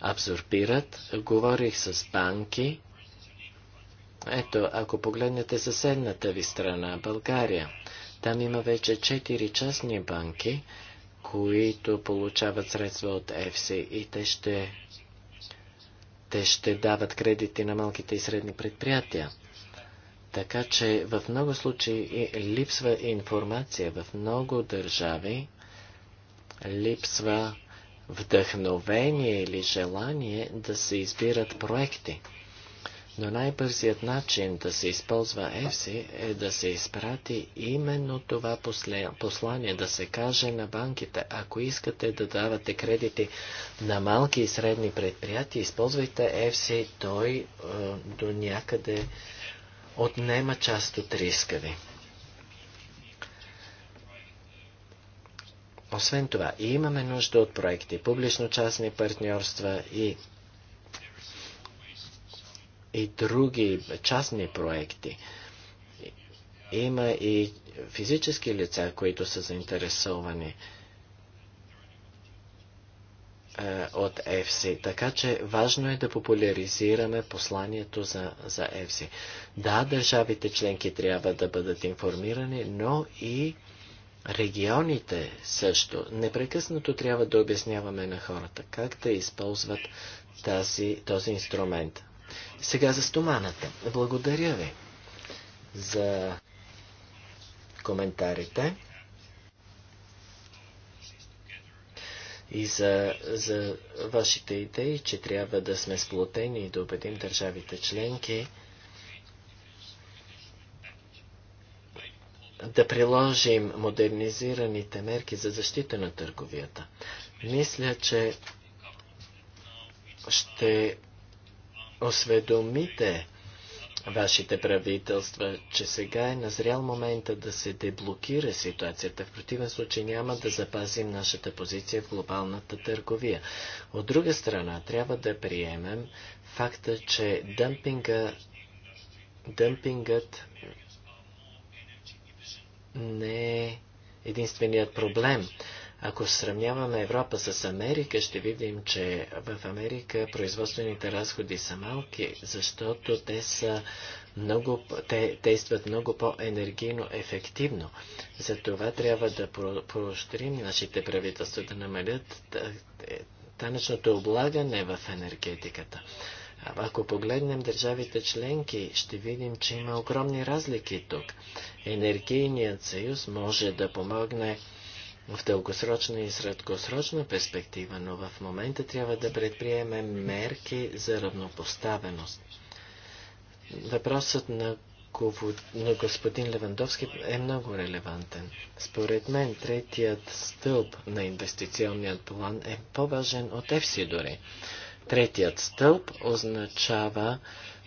абсорбират. Говорих с банки. Ето, ако погледнете съседната ви страна, България, там има вече 4 частни банки, които получават средства от ЕФСИ и те ще те ще дават кредити на малките и средни предприятия. Така че в много случаи липсва информация. В много държави липсва вдъхновение или желание да се избират проекти. Но най-бързият начин да се използва Ефси е да се изпрати именно това послание, да се каже на банките, ако искате да давате кредити на малки и средни предприятия, използвайте Ефси, той е, до някъде отнема част от риска ви. Освен това, и имаме нужда от проекти, публично-частни партньорства и, и други частни проекти. Има и физически лица, които са заинтересовани. Е, от ЕФСИ. Така че важно е да популяризираме посланието за, за ЕФСИ. Да, държавите членки трябва да бъдат информирани, но и регионите също. Непрекъснато трябва да обясняваме на хората как да използват тази, този инструмент. Сега за стоманата. Благодаря ви за коментарите. и за, за вашите идеи, че трябва да сме сплотени и да убедим държавите членки да приложим модернизираните мерки за защита на търговията. Мисля, че ще осведомите вашите правителства, че сега е назрял момента да се деблокира ситуацията. В противен случай няма да запазим нашата позиция в глобалната търговия. От друга страна, трябва да приемем факта, че дъмпинга, дъмпингът не е единственият проблем. Ако сравняваме Европа с Америка, ще видим, че в Америка производствените разходи са малки, защото те, са много, те действат много по-енергийно ефективно. Затова трябва да поощрим нашите правителства да намалят е, данъчното облагане в енергетиката. Ако погледнем държавите членки, ще видим, че има огромни разлики тук. Енергийният съюз може да помогне в дългосрочна и средкосрочна перспектива, но в момента трябва да предприемем мерки за равнопоставеност. Въпросът на, на господин Левандовски е много релевантен. Според мен, третият стълб на инвестиционният план е по-важен от ЕФСИ дори. Третият стълб означава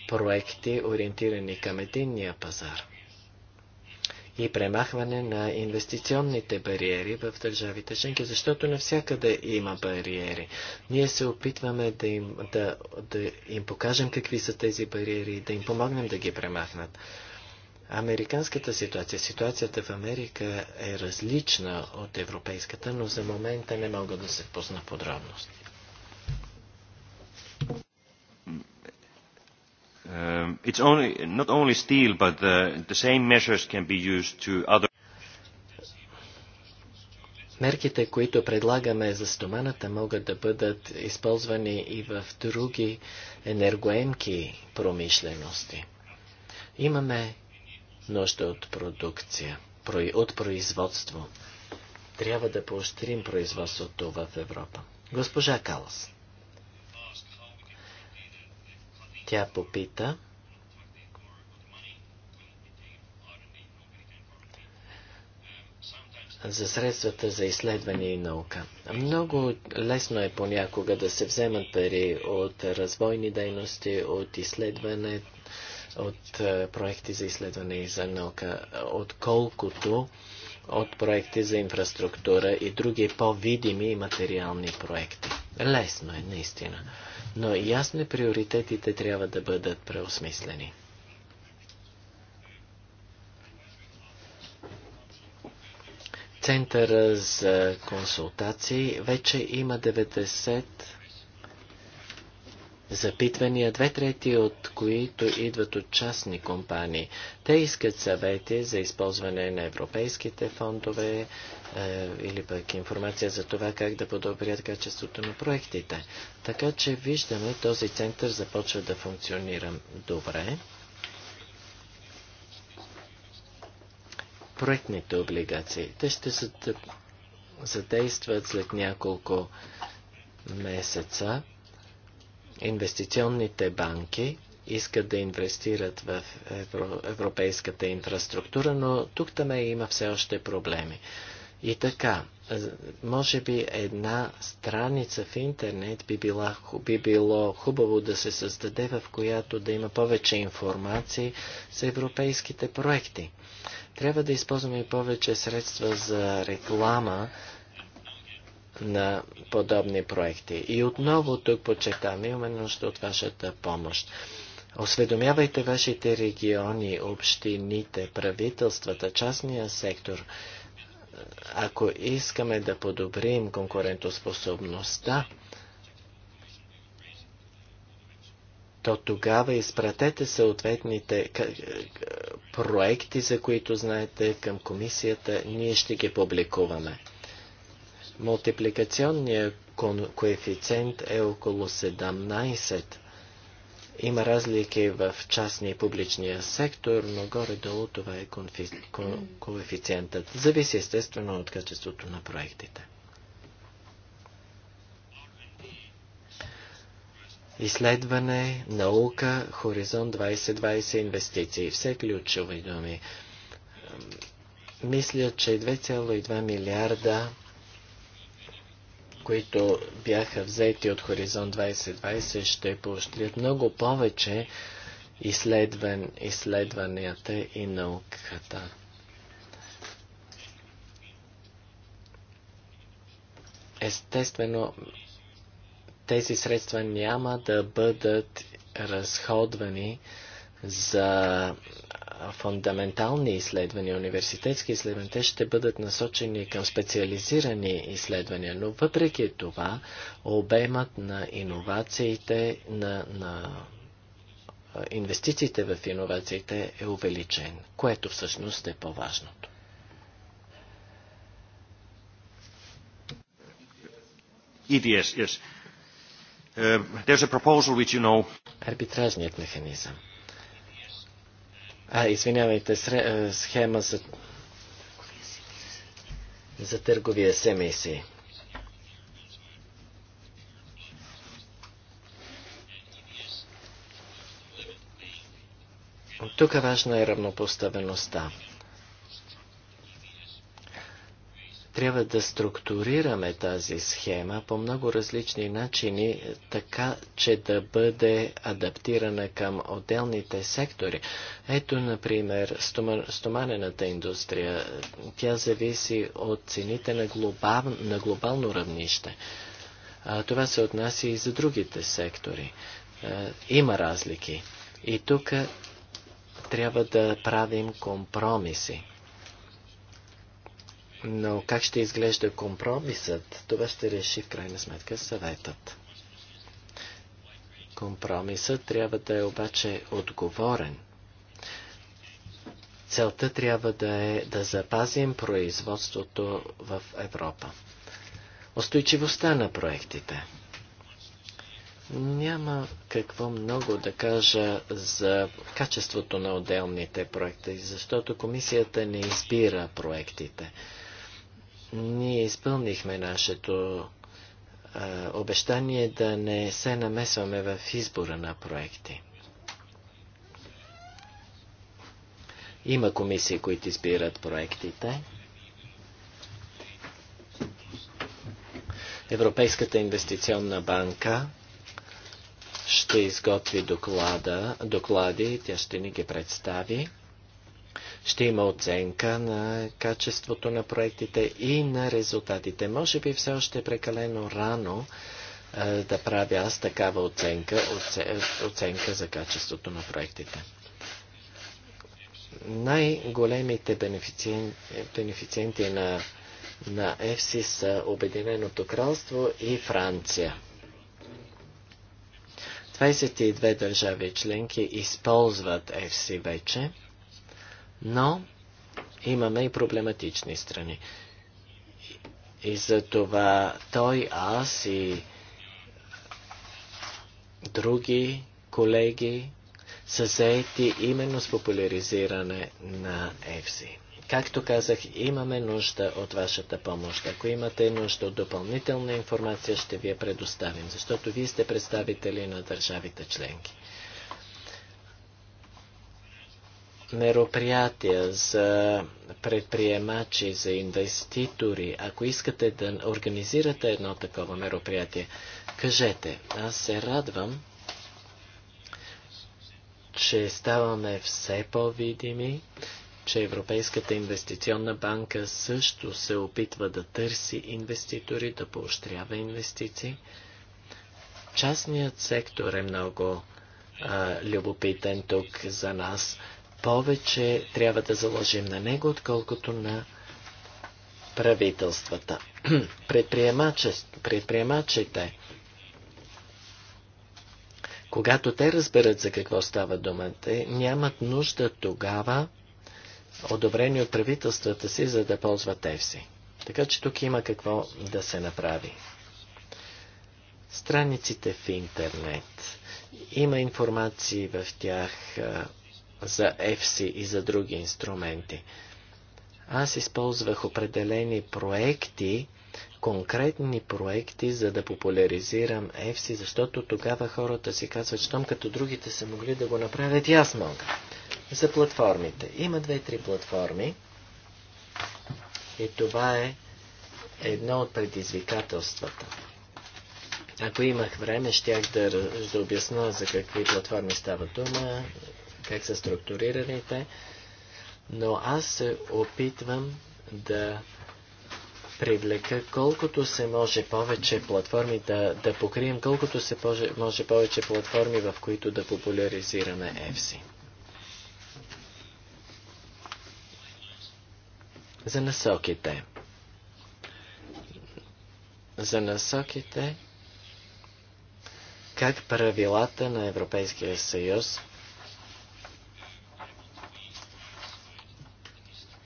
проекти, ориентирани към единния пазар и премахване на инвестиционните бариери в държавите членки, защото навсякъде има бариери. Ние се опитваме да им, да, да им покажем какви са тези бариери и да им помогнем да ги премахнат. Американската ситуация, ситуацията в Америка е различна от европейската, но за момента не мога да се впусна подробности. Um, it's only, not only steel, but the, the same measures can be used to other Мерките, които предлагаме за стоманата, могат да бъдат използвани и в други енергоемки промишлености. Имаме нужда от продукция, от производство. Трябва да поощрим производството в Европа. Госпожа Калас. Тя попита за средствата за изследване и наука. Много лесно е понякога да се вземат пари от развойни дейности, от изследване, от е, проекти за изследване и за наука, отколкото от проекти за инфраструктура и други по-видими и материални проекти. Лесно е, наистина. Но ясно е, приоритетите трябва да бъдат преосмислени. Центъра за консултации вече има 90 запитвания, две трети от които идват от частни компании. Те искат съвети за използване на европейските фондове е, или пък информация за това как да подобрят качеството на проектите. Така че виждаме, този център започва да функционира добре. Проектните облигации. Те ще задействат след няколко месеца инвестиционните банки искат да инвестират в европейската инфраструктура, но тук таме има все още проблеми. И така, може би една страница в интернет би, била, би било хубаво да се създаде, в която да има повече информации за европейските проекти. Трябва да използваме повече средства за реклама на подобни проекти. И отново тук почетаме, имаме нужда от вашата помощ. Осведомявайте вашите региони, общините, правителствата, частния сектор. Ако искаме да подобрим конкурентоспособността, то тогава изпратете съответните проекти, за които знаете към комисията, ние ще ги публикуваме. Мултипликационният коефициент е около 17. Има разлики в частния и публичния сектор, но горе-долу това е конфи... коефициентът. Зависи естествено от качеството на проектите. Изследване, наука, хоризонт 2020, инвестиции. Все ключови думи. Мисля, че 2,2 милиарда които бяха взети от Хоризонт 2020, ще поощрят много повече изследван, изследванията и науката. Естествено, тези средства няма да бъдат разходвани за фундаментални изследвания, университетски изследвания, те ще бъдат насочени към специализирани изследвания, но въпреки това обемът на иновациите, на, на инвестициите в иновациите е увеличен, което всъщност е по-важното. ETS, yes. Uh, there's a proposal which you know. Арбитражният механизъм а, извинявайте, сре, е, схема за, за търговия с емисии. Тук важна е равнопоставеността. Трябва да структурираме тази схема по много различни начини, така че да бъде адаптирана към отделните сектори. Ето, например, стоманената индустрия. Тя зависи от цените на, глобал, на глобално равнище. А, това се отнася и за другите сектори. А, има разлики. И тук трябва да правим компромиси. Но как ще изглежда компромисът, това ще реши в крайна сметка съветът. Компромисът трябва да е обаче отговорен. Целта трябва да е да запазим производството в Европа. Устойчивостта на проектите. Няма какво много да кажа за качеството на отделните проекти, защото комисията не избира проектите. Ние изпълнихме нашето а, обещание да не се намесваме в избора на проекти. Има комисии, които избират проектите. Европейската инвестиционна банка ще изготви доклада, доклади, тя ще ни ги представи ще има оценка на качеството на проектите и на резултатите. Може би все още е прекалено рано а, да правя аз такава оценка, оценка за качеството на проектите. Най-големите бенефициенти, бенефициенти на, на ЕФСИ са Обединеното кралство и Франция. 22 държави членки използват ЕФСИ вече но имаме и проблематични страни. И за това той, аз и други колеги са заети именно с популяризиране на ЕФСИ. Както казах, имаме нужда от вашата помощ. Ако имате нужда от допълнителна информация, ще ви я предоставим, защото вие сте представители на държавите членки. мероприятия за предприемачи, за инвеститори, ако искате да организирате едно такова мероприятие, кажете. Аз се радвам, че ставаме все по-видими, че Европейската инвестиционна банка също се опитва да търси инвеститори, да поощрява инвестиции. Частният сектор е много а, любопитен тук за нас повече трябва да заложим на него, отколкото на правителствата. Предприемачите, когато те разберат за какво става дума, те нямат нужда тогава одобрени от правителствата си, за да ползват си. Така че тук има какво да се направи. Страниците в интернет. Има информации в тях за FC и за други инструменти. Аз използвах определени проекти, конкретни проекти, за да популяризирам FC, защото тогава хората си казват, щом като другите са могли да го направят, и аз мога. За платформите. Има две-три платформи и това е едно от предизвикателствата. Ако имах време, щях да, да обясна за какви платформи става дума, как са структурирани те, но аз се опитвам да привлека колкото се може повече платформи, да, да покрием колкото се може, повече платформи, в които да популяризираме FC. За насоките. За насоките как правилата на Европейския съюз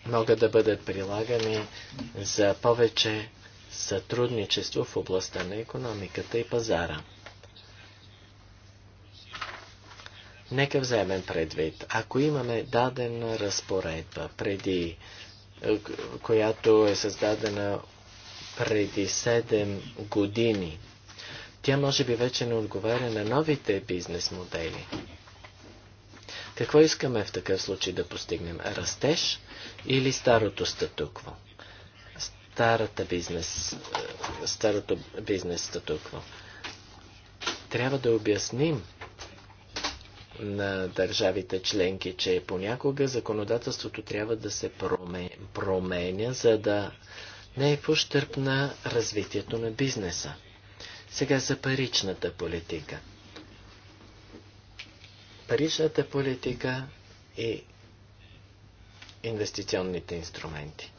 могат да бъдат прилагани за повече сътрудничество в областта на економиката и пазара. Нека вземем предвид, ако имаме дадена разпоредба преди, е, която е създадена преди 7 години, тя може би вече не отговаря на новите бизнес модели. Какво искаме в такъв случай да постигнем? Растеж или старото статукво? Старата бизнес, е, старото бизнес статукво. Трябва да обясним на държавите членки, че понякога законодателството трябва да се променя, за да не е пощърпна развитието на бизнеса. Сега за паричната политика – паричната политика и инвестиционните инструменти.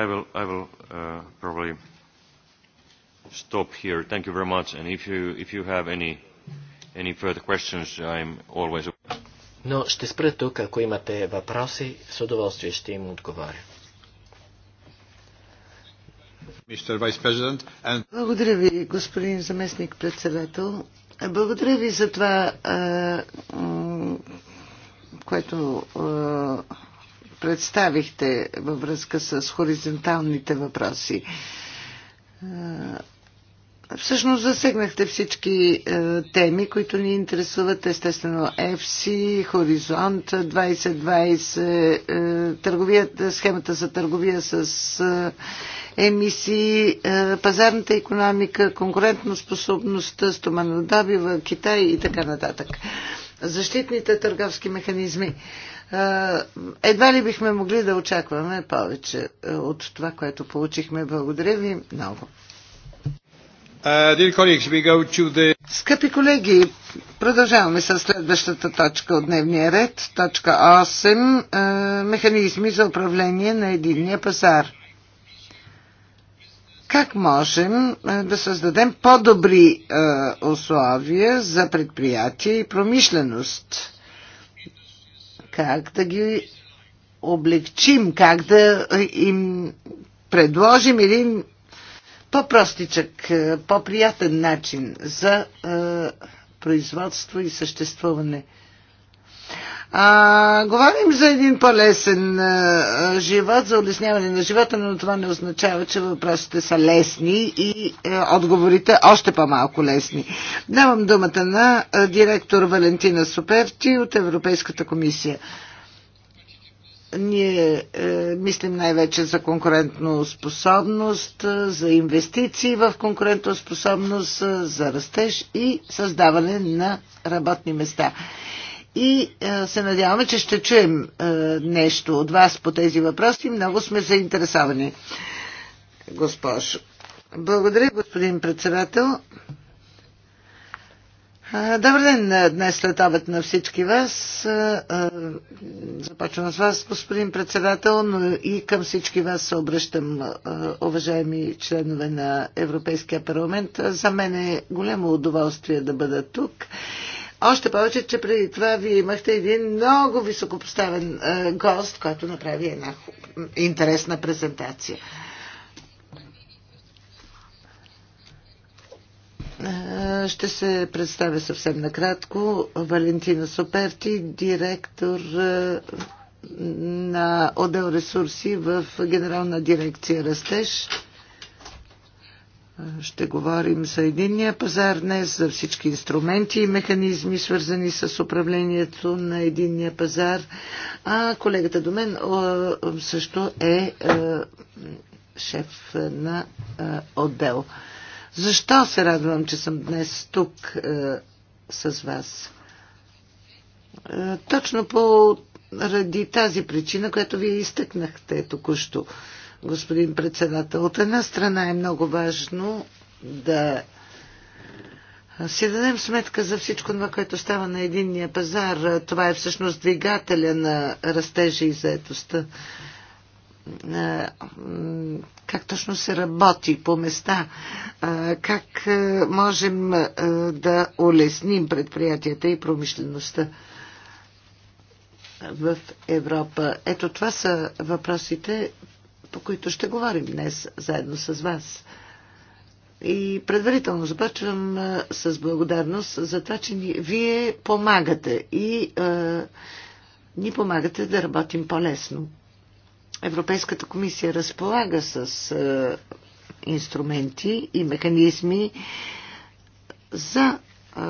I will, I will uh, probably stop here. Thank you very much. And if you, if you have any, any further questions, I'm always... Но ще спра тук, ако имате въпроси, с удоволствие ще им отговоря. Благодаря ви, господин заместник председател. Благодаря ви за това, което представихте във връзка с хоризонталните въпроси. Всъщност засегнахте всички е, теми, които ни интересуват. Естествено FC, Хоризонт 2020, е, търговията, схемата за търговия с е, емисии, е, пазарната економика, конкурентоспособността, стоманодобива, Китай и така нататък. Защитните търговски механизми. Е, едва ли бихме могли да очакваме повече е, от това, което получихме. Благодаря ви много. Uh, Скъпи колеги, продължаваме с следващата точка от дневния ред, точка 8, е, механизми за управление на единния пазар. Как можем е, да създадем по-добри е, условия за предприятия и промишленост? Как да ги облегчим, как да им предложим един по-простичък, е, по-приятен начин за е, производство и съществуване. А, говорим за един по-лесен е, живот, за улесняване на живота, но това не означава, че въпросите са лесни и е, отговорите още по-малко лесни. Давам думата на директор Валентина Суперти от Европейската комисия. Ние е, мислим най-вече за конкурентно способност, е, за инвестиции в конкурентно способност, е, за растеж и създаване на работни места. И е, се надяваме, че ще чуем е, нещо от вас по тези въпроси. Много сме заинтересовани, госпожо. Благодаря, господин председател. Добър ден днес след обед на всички вас. Започвам с вас, господин председател, но и към всички вас се обръщам, уважаеми членове на Европейския парламент. За мен е голямо удоволствие да бъда тук. Още повече, че преди това ви имахте един много високопоставен гост, който направи една интересна презентация. Е, ще се представя съвсем накратко. Валентина Соперти, директор е, на отдел ресурси в Генерална дирекция Растеж. Е, ще говорим за единния пазар днес, за всички инструменти и механизми, свързани с управлението на единния пазар. А колегата до мен също е шеф на отдел. Защо се радвам, че съм днес тук е, с вас? Е, точно поради тази причина, която вие изтъкнахте току-що, господин председател. От една страна е много важно да си дадем сметка за всичко това, което става на единния пазар. Това е всъщност двигателя на растежа и заетостта как точно се работи по места, как можем да улесним предприятията и промишлеността в Европа. Ето това са въпросите, по които ще говорим днес заедно с вас. И предварително започвам с благодарност за това, че ни, вие помагате и е, ни помагате да работим по-лесно. Европейската комисия разполага с е, инструменти и механизми за е,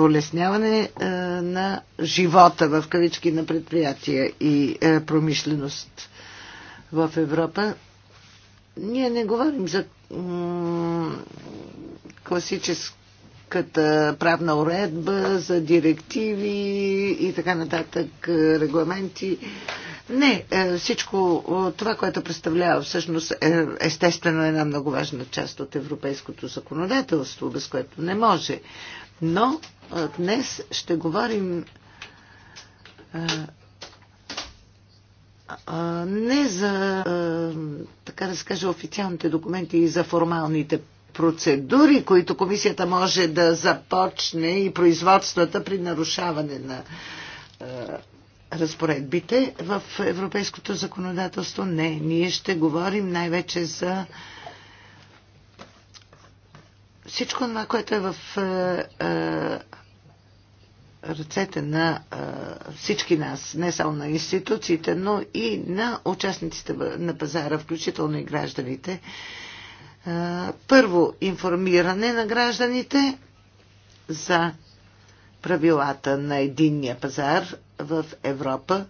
улесняване е, на живота в кавички на предприятия и промишленост в Европа. Ние не говорим за класическата правна уредба, за директиви и така нататък регламенти. Не, е, всичко е, това, което представлява всъщност е, естествено една много важна част от европейското законодателство, без което не може. Но днес ще говорим не за, така да се каже, официалните документи и за формалните процедури, които комисията може да започне и производствата при нарушаване на разпоредбите в европейското законодателство. Не, ние ще говорим най-вече за всичко това, което е в е, е, ръцете на е, всички нас, не само на институциите, но и на участниците на пазара, включително и гражданите. Първо, информиране на гражданите за правилата на единния пазар в Европа.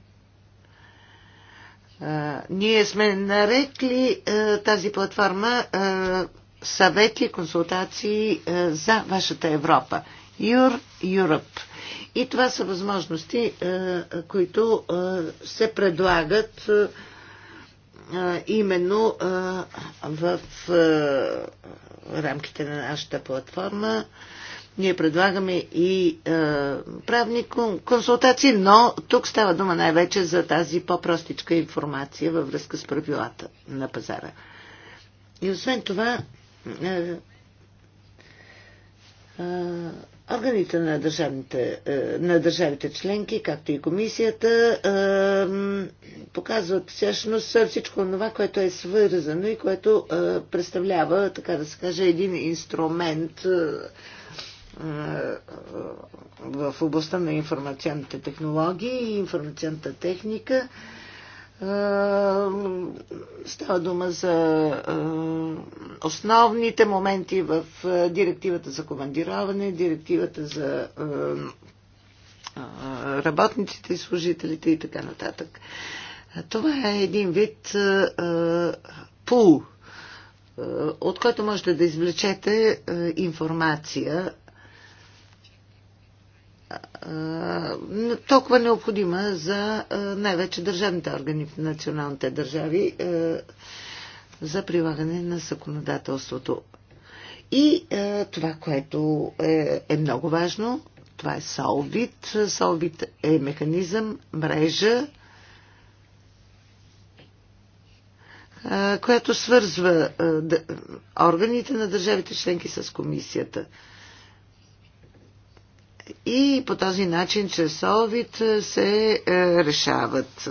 Ние сме нарекли тази платформа съвети и консултации за вашата Европа. Your Europe. И това са възможности, които се предлагат именно в рамките на нашата платформа ние предлагаме и е, правни консултации, но тук става дума най-вече за тази по-простичка информация във връзка с правилата на пазара. И освен това, е, е, органите на, държавните, е, на държавите членки, както и комисията, е, показват всъщност всичко това, което е свързано и което е, представлява, така да се каже, един инструмент в областта на информационните технологии и информационната техника. Става дума за основните моменти в директивата за командироване, директивата за работниците и служителите и така нататък. Това е един вид пул, от който можете да извлечете информация е, толкова необходима за е, най-вече държавните органи в националните държави е, за прилагане на законодателството. И това, което е, е много важно, това е Солвит. Солвит е механизъм, мрежа, която свързва органите на държавите членки с комисията и по този начин чрез ОВИД е, се е, решават е,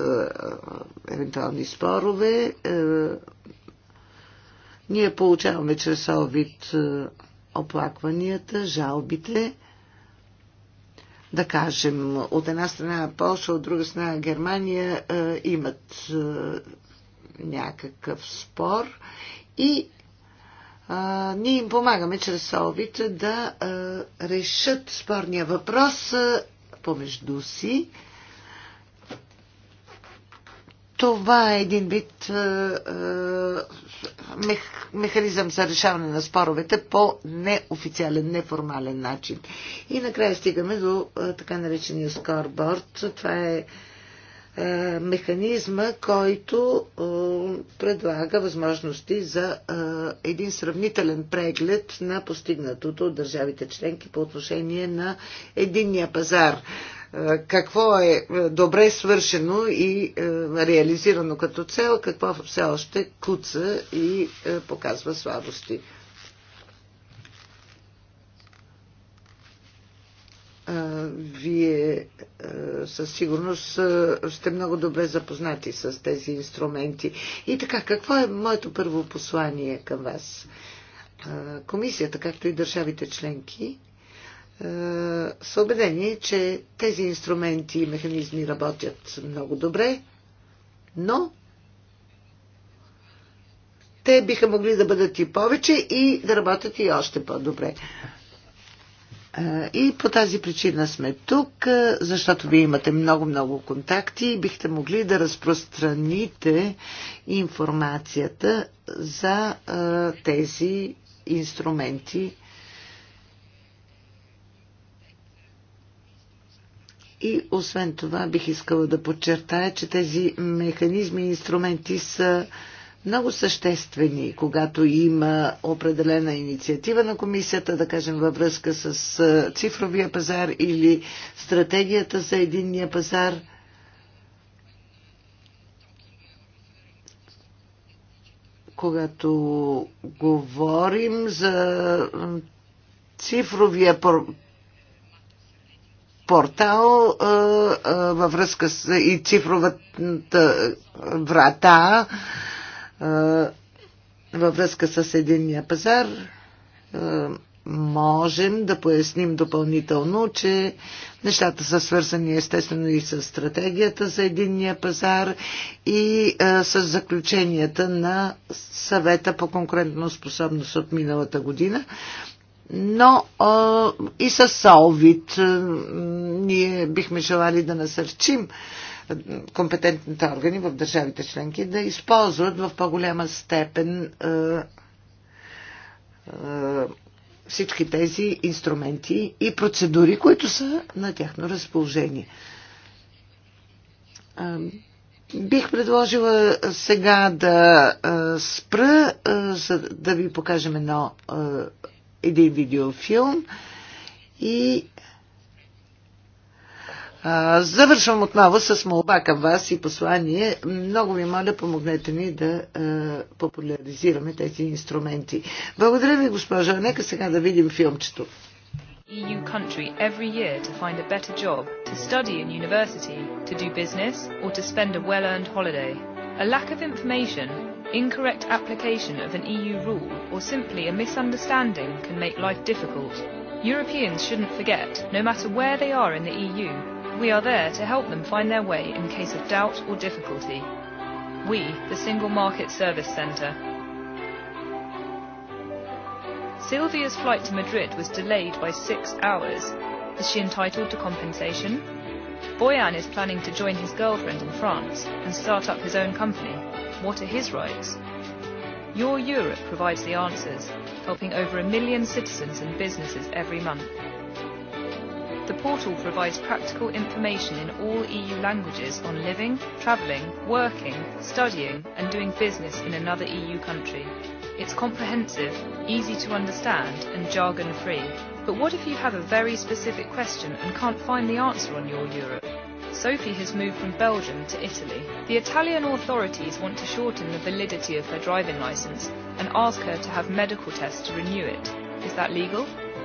евентуални спорове. Ние получаваме чрез ОВИД оплакванията, жалбите. Да кажем, от една страна Польша, от друга страна Германия имат някакъв спор и ние им помагаме чрез Солвит да а, решат спорния въпрос а, помежду си. Това е един вид а, а, мех, механизъм за решаване на споровете по неофициален, неформален начин. И накрая стигаме до а, така наречения скорборд. Това е а, е, механизма, който е, предлага възможности за е, един сравнителен преглед на постигнатото от държавите членки по отношение на единния пазар. Какво е добре свършено и реализирано като цел, какво все още куца и показва слабости. вие със сигурност сте много добре запознати с тези инструменти. И така, какво е моето първо послание към вас? Комисията, както и държавите членки, са убедени, че тези инструменти и механизми работят много добре, но те биха могли да бъдат и повече и да работят и още по-добре. И по тази причина сме тук, защото вие имате много-много контакти и бихте могли да разпространите информацията за тези инструменти. И освен това бих искала да подчертая, че тези механизми и инструменти са много съществени, когато има определена инициатива на комисията, да кажем във връзка с цифровия пазар или стратегията за единния пазар. Когато говорим за цифровия портал а, а, във връзка с и цифровата врата, във връзка с единния пазар можем да поясним допълнително, че нещата са свързани естествено и с стратегията за единния пазар и а, с заключенията на съвета по конкурентоспособност от миналата година. Но а, и с Солвит ние бихме желали да насърчим компетентните органи в държавите членки да използват в по-голяма степен е, е, всички тези инструменти и процедури, които са на тяхно разположение. Е, бих предложила сега да спра, за да ви покажем едно, един видеофилм и Завършвам отново с молба към вас и послание. Много ви моля, помогнете ни да а, популяризираме тези инструменти. Благодаря ви, госпожа. Нека сега да видим филмчето. EU country every year to find a better job, to study in university, to do business, or to spend a well earned holiday. A lack of information, incorrect application of an EU rule, or simply a misunderstanding can make life difficult. Europeans shouldn't forget, no matter where they are in the EU, We are there to help them find their way in case of doubt or difficulty. We, the Single Market Service Centre. Sylvia's flight to Madrid was delayed by six hours. Is she entitled to compensation? Boyan is planning to join his girlfriend in France and start up his own company. What are his rights? Your Europe provides the answers, helping over a million citizens and businesses every month. The portal provides practical information in all EU languages on living, travelling, working, studying and doing business in another EU country. It's comprehensive, easy to understand and jargon free. But what if you have a very specific question and can't find the answer on your Europe? Sophie has moved from Belgium to Italy. The Italian authorities want to shorten the validity of her driving licence and ask her to have medical tests to renew it. Is that legal?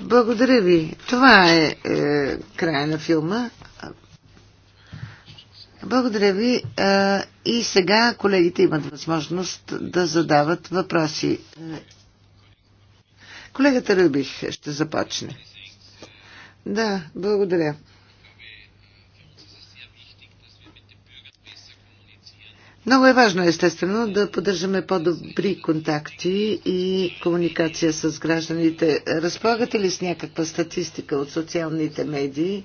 Благодаря ви. Това е, е края на филма. Благодаря ви. И сега колегите имат възможност да задават въпроси. Колегата Рубих ще започне. Да, благодаря. Много е важно, естествено, да поддържаме по-добри контакти и комуникация с гражданите. Разполагате ли с някаква статистика от социалните медии?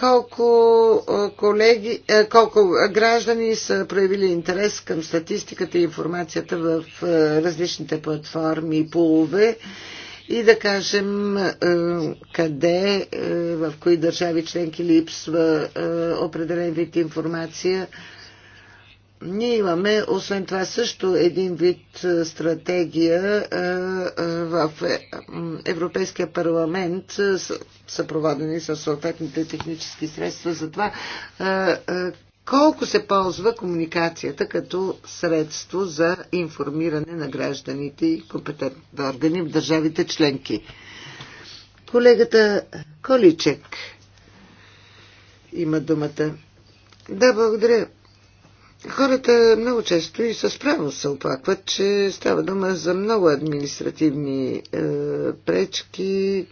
Колко, колеги, колко граждани са проявили интерес към статистиката и информацията в различните платформи и полове? и да кажем е, къде, е, в кои държави членки липсва е, определен вид информация. Ние имаме, освен това, също един вид стратегия в Европейския парламент, съпроводени с съответните технически средства за това колко се ползва комуникацията като средство за информиране на гражданите и компетентните органи в държавите членки. Колегата Количек има думата. Да, благодаря. Хората много често и със право се оплакват, че става дума за много административни е, пречки,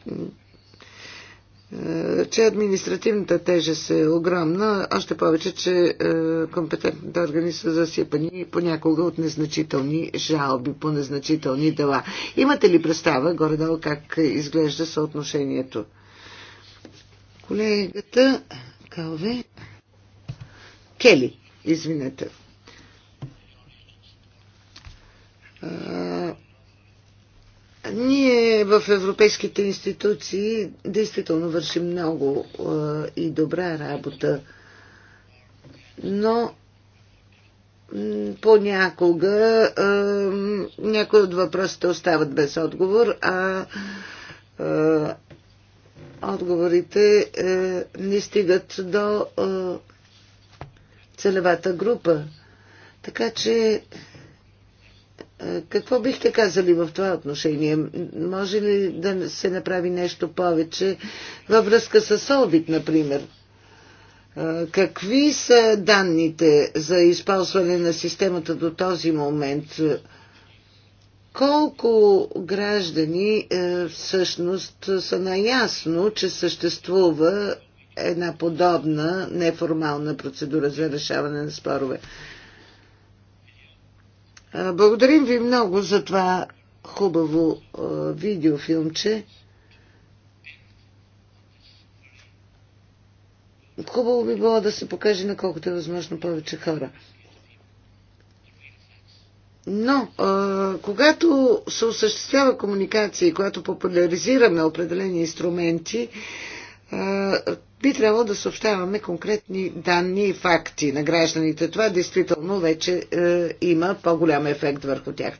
е, че административната тежест е огромна, още повече, че е, компетентните органи са засипани понякога от незначителни жалби по незначителни дела. Имате ли представа, горе-долу, как изглежда съотношението? Колегата Калве Кели, извинете. Е, ние в европейските институции действително вършим много и добра работа, но понякога някои от въпросите остават без отговор, а отговорите не стигат до целевата група. Така че е, какво бихте казали в това отношение? Може ли да се направи нещо повече във връзка с Олбит, например? Е, какви са данните за използване на системата до този момент? Колко граждани е, всъщност са наясно, че съществува една подобна неформална процедура за решаване на спорове? Благодарим ви много за това хубаво видеофилмче. Хубаво би било да се покаже на колкото е възможно повече хора. Но, а, когато се осъществява комуникация и когато популяризираме определени инструменти, би трябвало да съобщаваме конкретни данни и факти на гражданите. Това действително вече е, има по-голям ефект върху тях.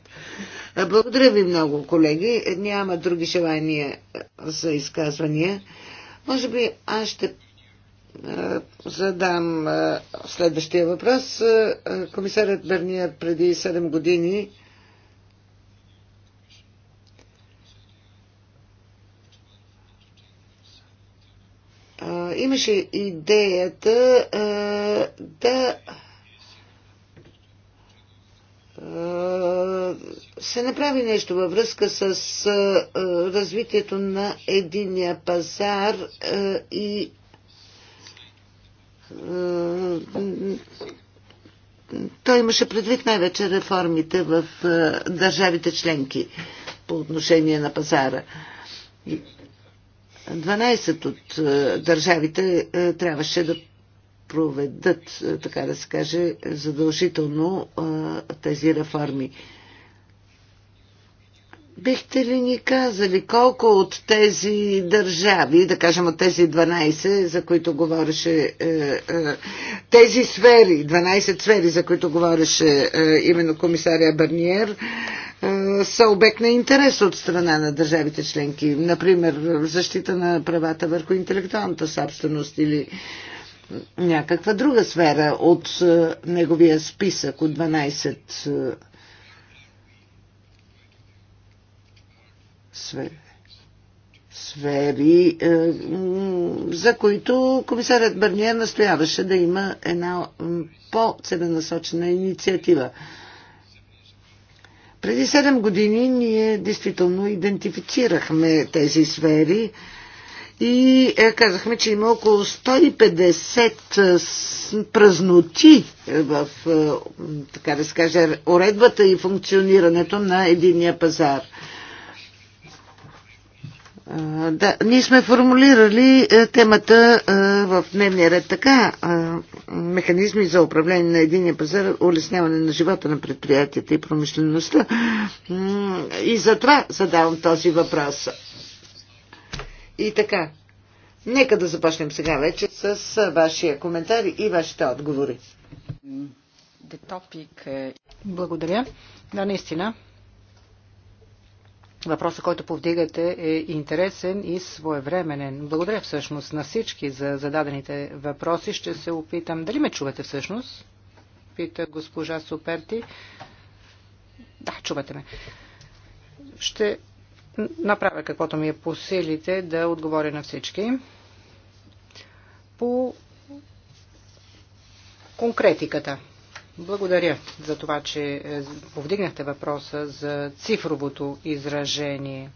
Благодаря ви много, колеги. Няма други желания е, за изказвания. Може би аз ще е, задам следващия въпрос. Комисарят Берния преди 7 години имаше идеята да се направи нещо във връзка с развитието на единия пазар и той имаше предвид най-вече реформите в държавите членки по отношение на пазара. 12 от е, държавите е, трябваше да проведат, е, така да се каже, задължително тези реформи. Бихте ли ни казали колко от тези държави, да кажем от тези 12, за които говореше, тези сфери, 12 сфери, за които говореше именно комисария Барниер, са обект на интерес от страна на държавите членки. Например, защита на правата върху интелектуалната собственост или някаква друга сфера от е, неговия списък от 12 е, сфери сфери, за които комисарят Бърния настояваше да има една по-целенасочена инициатива. Преди 7 години ние действително идентифицирахме тези сфери и е, казахме, че има около 150 е, празноти в, е, така да се каже, уредбата и функционирането на единия пазар. Да, ние сме формулирали е, темата е, в дневния ред така. Механизми за управление на единия пазар, улесняване на живота на предприятията и промишлеността. И затова задавам този въпрос. И така, нека да започнем сега вече с е, вашия коментар и вашите отговори. Благодаря. Да, наистина. Въпросът, който повдигате е интересен и своевременен. Благодаря всъщност на всички за зададените въпроси. Ще се опитам. Дали ме чувате всъщност? Пита госпожа Суперти. Да, чувате ме. Ще направя каквото ми е по силите да отговоря на всички. По конкретиката. Благодаря за това, че е, повдигнахте въпроса за цифровото изражение.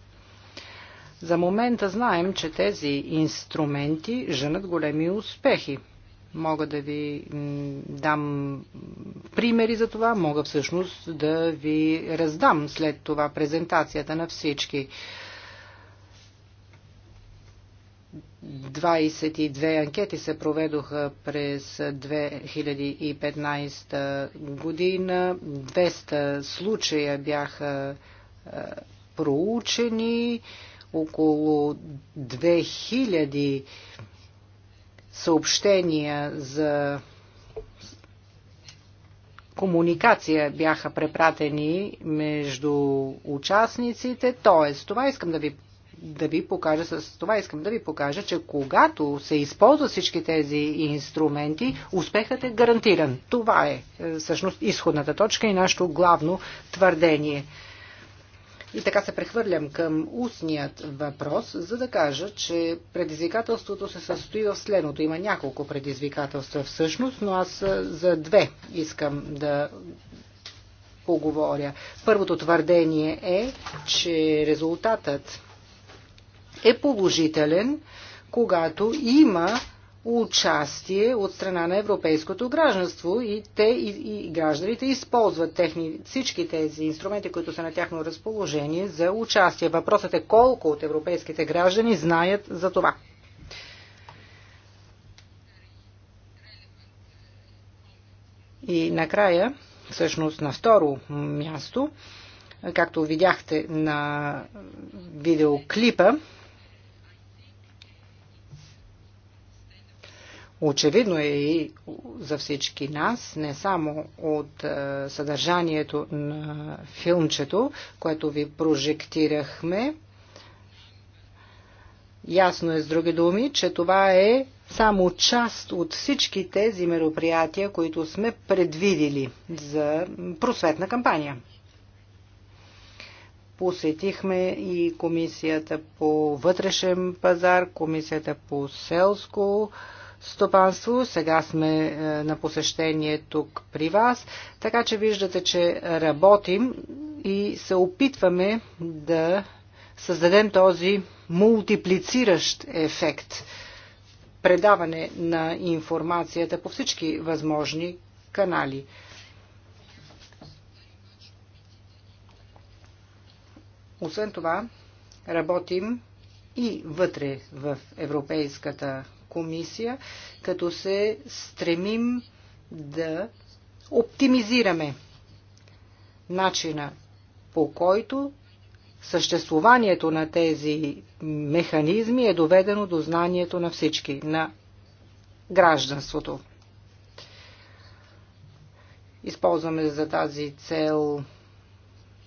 За момента знаем, че тези инструменти женат големи успехи. Мога да ви дам примери за това, мога всъщност да ви раздам след това презентацията на всички. 22 анкети се проведоха през 2015 година. 200 случая бяха е, проучени, около 2000 съобщения за комуникация бяха препратени между участниците. Тоест, това искам да ви да ви покажа, с това искам да ви покажа, че когато се използва всички тези инструменти, успехът е гарантиран. Това е, е всъщност изходната точка и нашето главно твърдение. И така се прехвърлям към устният въпрос, за да кажа, че предизвикателството се състои в следното. Има няколко предизвикателства всъщност, но аз е, за две искам да поговоря. Първото твърдение е, че резултатът е положителен, когато има участие от страна на европейското гражданство и те и, и гражданите използват техни, всички тези инструменти, които са на тяхно разположение за участие. Въпросът е колко от европейските граждани знаят за това. И накрая, всъщност на второ място, както видяхте на видеоклипа, Очевидно е и за всички нас, не само от е, съдържанието на филмчето, което ви прожектирахме. Ясно е с други думи, че това е само част от всички тези мероприятия, които сме предвидили за просветна кампания. Посетихме и комисията по вътрешен пазар, комисията по селско стопанство. Сега сме е, на посещение тук при вас, така че виждате, че работим и се опитваме да създадем този мултиплициращ ефект предаване на информацията по всички възможни канали. Освен това, работим и вътре в Европейската комисия, като се стремим да оптимизираме начина по който съществуванието на тези механизми е доведено до знанието на всички, на гражданството. Използваме за тази цел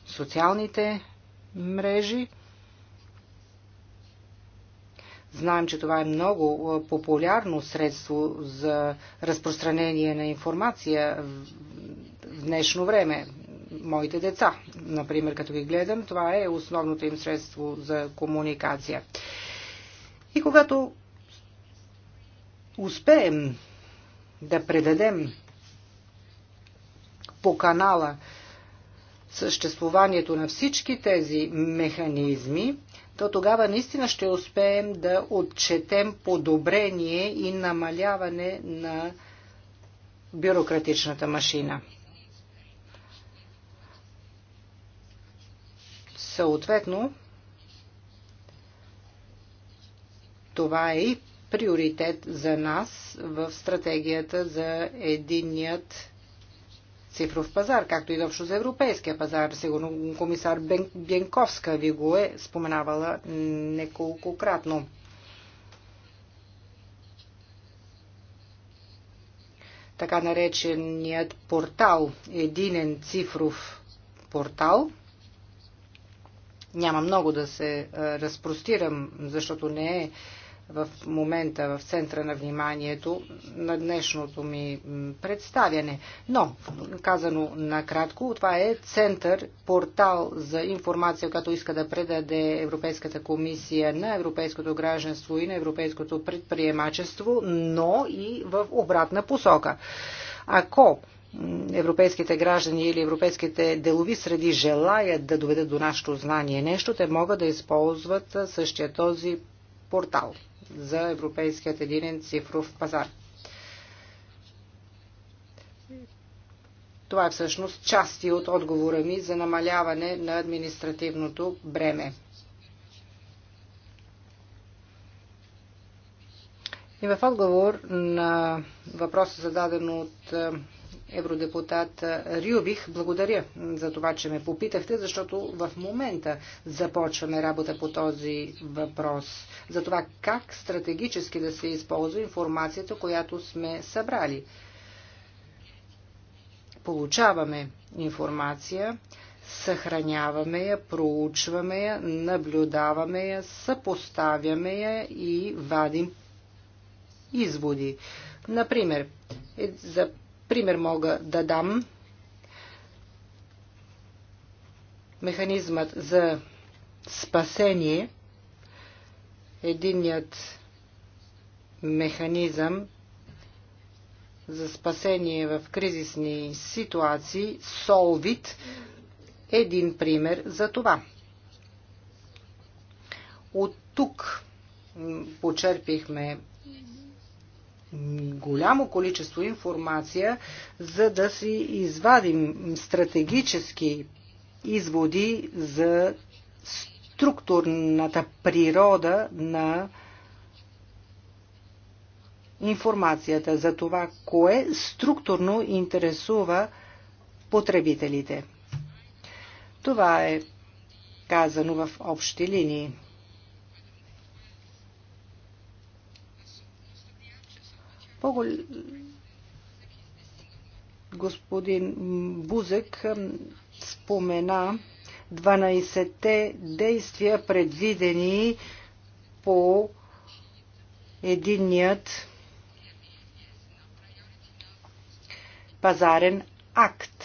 социалните мрежи – Знаем, че това е много популярно средство за разпространение на информация в днешно време. Моите деца, например, като ги гледам, това е основното им средство за комуникация. И когато успеем да предадем по канала съществуванието на всички тези механизми, то тогава наистина ще успеем да отчетем подобрение и намаляване на бюрократичната машина. Съответно, това е и приоритет за нас в стратегията за единият цифров пазар, както и въобще за европейския пазар. Сигурно комисар Бенковска ви го е споменавала неколкократно. Така нареченият портал, единен цифров портал, няма много да се разпростирам, защото не е в момента в центъра на вниманието на днешното ми представяне. Но, казано накратко, това е център, портал за информация, която иска да предаде Европейската комисия на европейското гражданство и на европейското предприемачество, но и в обратна посока. Ако европейските граждани или европейските делови среди желаят да доведат до нашето знание нещо, те могат да използват същия този портал за Европейският единен цифров пазар. Това е всъщност части от отговора ми за намаляване на административното бреме. И в отговор на въпроса зададен от евродепутат Рюбих. Благодаря за това, че ме попитахте, защото в момента започваме работа по този въпрос. За това как стратегически да се използва информацията, която сме събрали. Получаваме информация, съхраняваме я, проучваме я, наблюдаваме я, съпоставяме я и вадим изводи. Например, е, за Пример мога да дам. Механизмът за спасение, единият механизъм за спасение в кризисни ситуации, Солвит, един пример за това. От тук почерпихме голямо количество информация, за да си извадим стратегически изводи за структурната природа на информацията за това, кое структурно интересува потребителите. Това е казано в общи линии. много господин Бузек спомена 12-те действия предвидени по единният пазарен акт.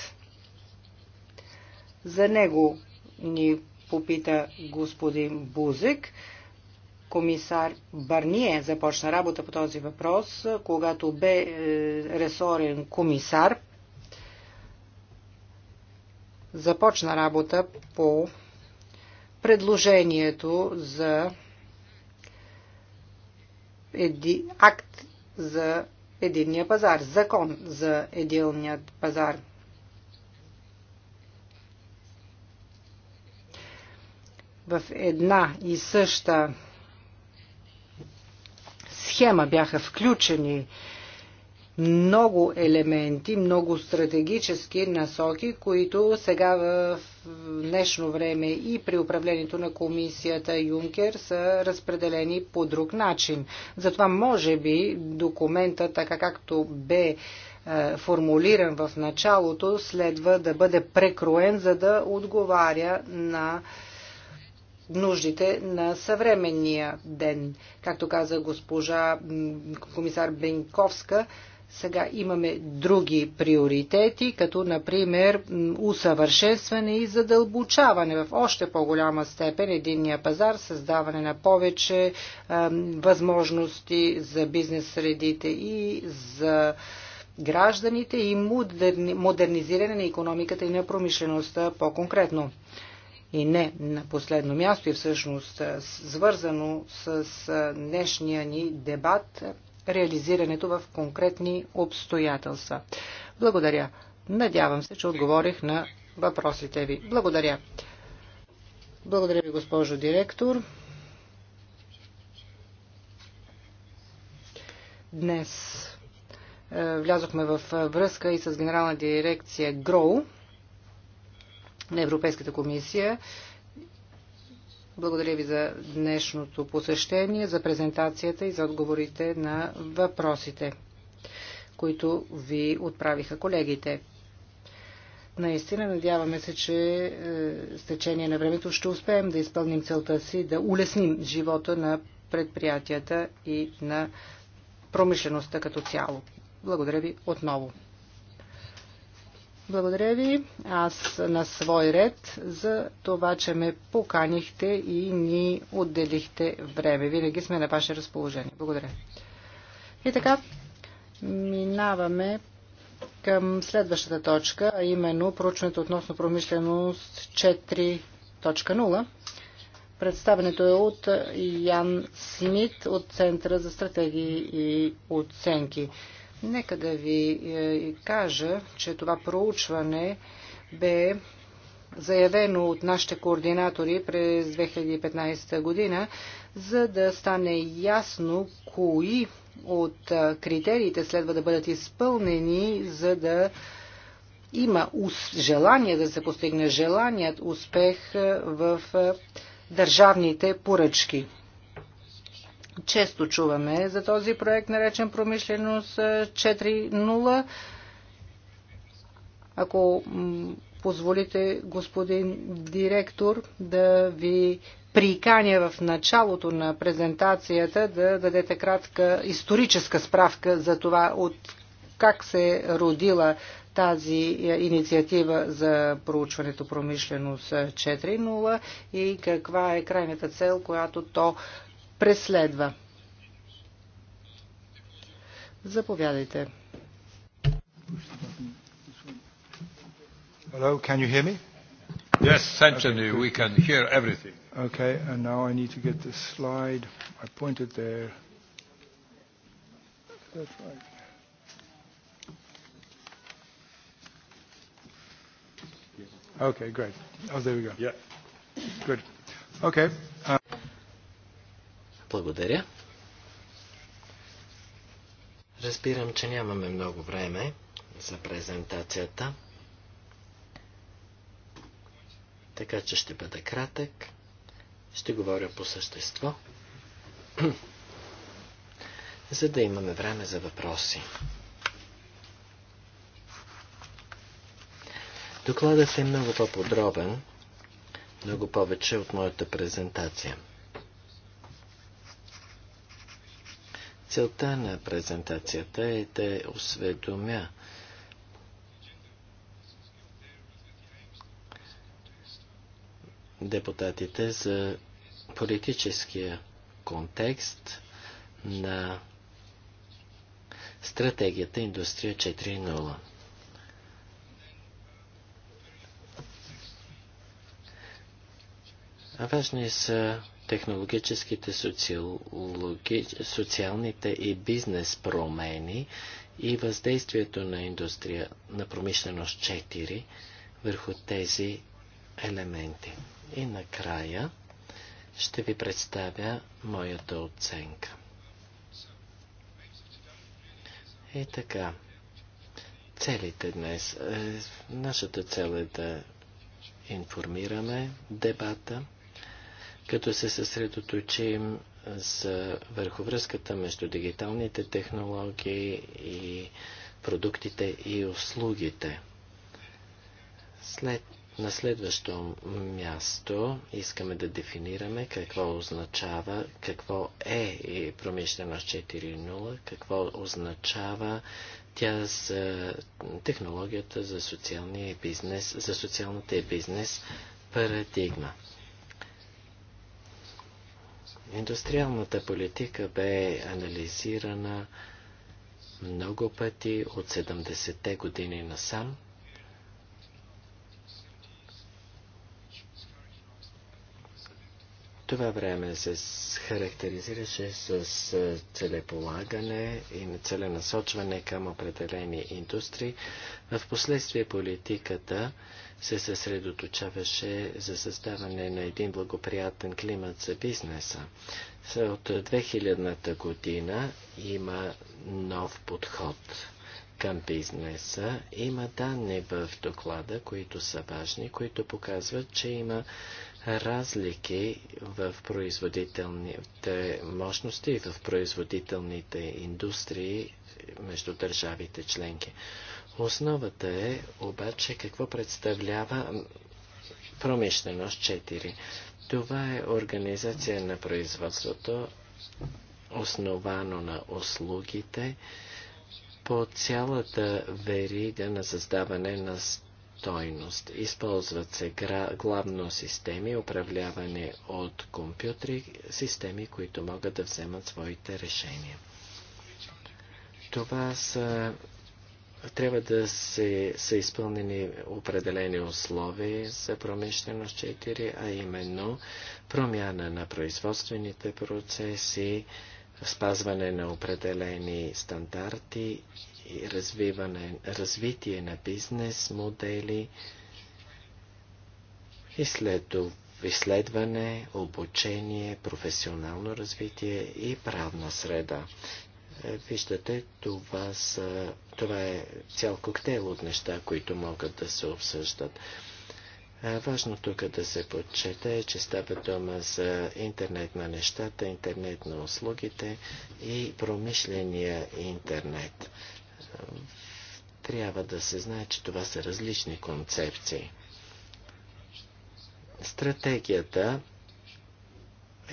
За него ни попита господин Бузек комисар Барние започна работа по този въпрос, когато бе е, ресорен комисар. Започна работа по предложението за еди, акт за единния пазар, закон за единният пазар. В една и съща схема бяха включени много елементи, много стратегически насоки, които сега в днешно време и при управлението на комисията Юнкер са разпределени по друг начин. Затова може би документа, така както бе е, формулиран в началото, следва да бъде прекроен, за да отговаря на нуждите на съвременния ден. Както каза госпожа комисар Бенковска, сега имаме други приоритети, като например усъвършенстване и задълбочаване в още по-голяма степен единния пазар, създаване на повече е, възможности за бизнес средите и за гражданите и модерни, модернизиране на економиката и на промишлеността по-конкретно. И не на последно място и всъщност свързано с днешния ни дебат реализирането в конкретни обстоятелства. Благодаря. Надявам се, че отговорих на въпросите ви. Благодаря. Благодаря ви, госпожо директор. Днес влязохме в връзка и с генерална дирекция ГРОУ на Европейската комисия. Благодаря ви за днешното посещение, за презентацията и за отговорите на въпросите, които ви отправиха колегите. Наистина надяваме се, че е, с течение на времето ще успеем да изпълним целта си, да улесним живота на предприятията и на промишлеността като цяло. Благодаря ви отново. Благодаря ви. Аз на свой ред за това, че ме поканихте и ни отделихте време. Винаги сме на ваше разположение. Благодаря. И така, минаваме към следващата точка, а именно проучването относно промишленост 4.0. Представенето е от Ян Смит от Центъра за стратегии и оценки. Нека да ви е, кажа, че това проучване бе заявено от нашите координатори през 2015 година, за да стане ясно кои от е, критериите следва да бъдат изпълнени, за да има желание да се постигне желаният успех е, в държавните поръчки. Често чуваме за този проект, наречен промишленост 4.0. Е, Ако позволите, господин директор, да ви приканя в началото на презентацията да дадете кратка историческа справка за това от как се родила тази е, инициатива за проучването промишленост 4.0 е, и каква е крайната цел, която то преследва. Заповядайте. Hello, can you hear me? Yes, certainly, okay, we can hear everything. Okay, and now I need to get the slide. I pointed there. That's right. Okay, great. Oh, there we go. Yeah. Good. Okay. Uh, благодаря. Разбирам, че нямаме много време за презентацията, така че ще бъда кратък. Ще говоря по същество, за да имаме време за въпроси. Докладът е много по-подробен, много повече от моята презентация. Целта на презентацията е да осведомя депутатите за политическия контекст на стратегията Индустрия 4.0. Важни са технологическите, социологи, социалните и бизнес промени и въздействието на индустрия, на промишленост 4 върху тези елементи. И накрая ще ви представя моята оценка. И така, целите днес. Е, нашата цел е да информираме дебата, като се съсредоточим за върху връзката между дигиталните технологии и продуктите и услугите. След, на следващо място искаме да дефинираме какво означава, какво е и промишленост 4.0, какво означава тя за технологията за, социалния бизнес, за социалната и бизнес парадигма. Индустриалната политика бе анализирана много пъти от 70-те години насам. Това време се характеризираше с целеполагане и целенасочване към определени индустрии. В последствие политиката се съсредоточаваше за създаване на един благоприятен климат за бизнеса. От 2000-та година има нов подход към бизнеса. Има данни в доклада, които са важни, които показват, че има разлики в производителните мощности, в производителните индустрии между държавите членки. Основата е обаче какво представлява промишленост 4. Това е организация на производството, основано на услугите, по цялата верига на създаване на стойност. Използват се главно системи, управлявани от компютри, системи, които могат да вземат своите решения. Това са трябва да се, са изпълнени определени условия за промишленост 4, а именно промяна на производствените процеси, спазване на определени стандарти и развиване, развитие на бизнес модели и изследване, обучение, професионално развитие и правна среда. Виждате, това, са, това е цял коктейл от неща, които могат да се обсъждат. Важно тук е да се подчете че става дума за интернет на нещата, интернет на услугите и промишления интернет. Трябва да се знае, че това са различни концепции. Стратегията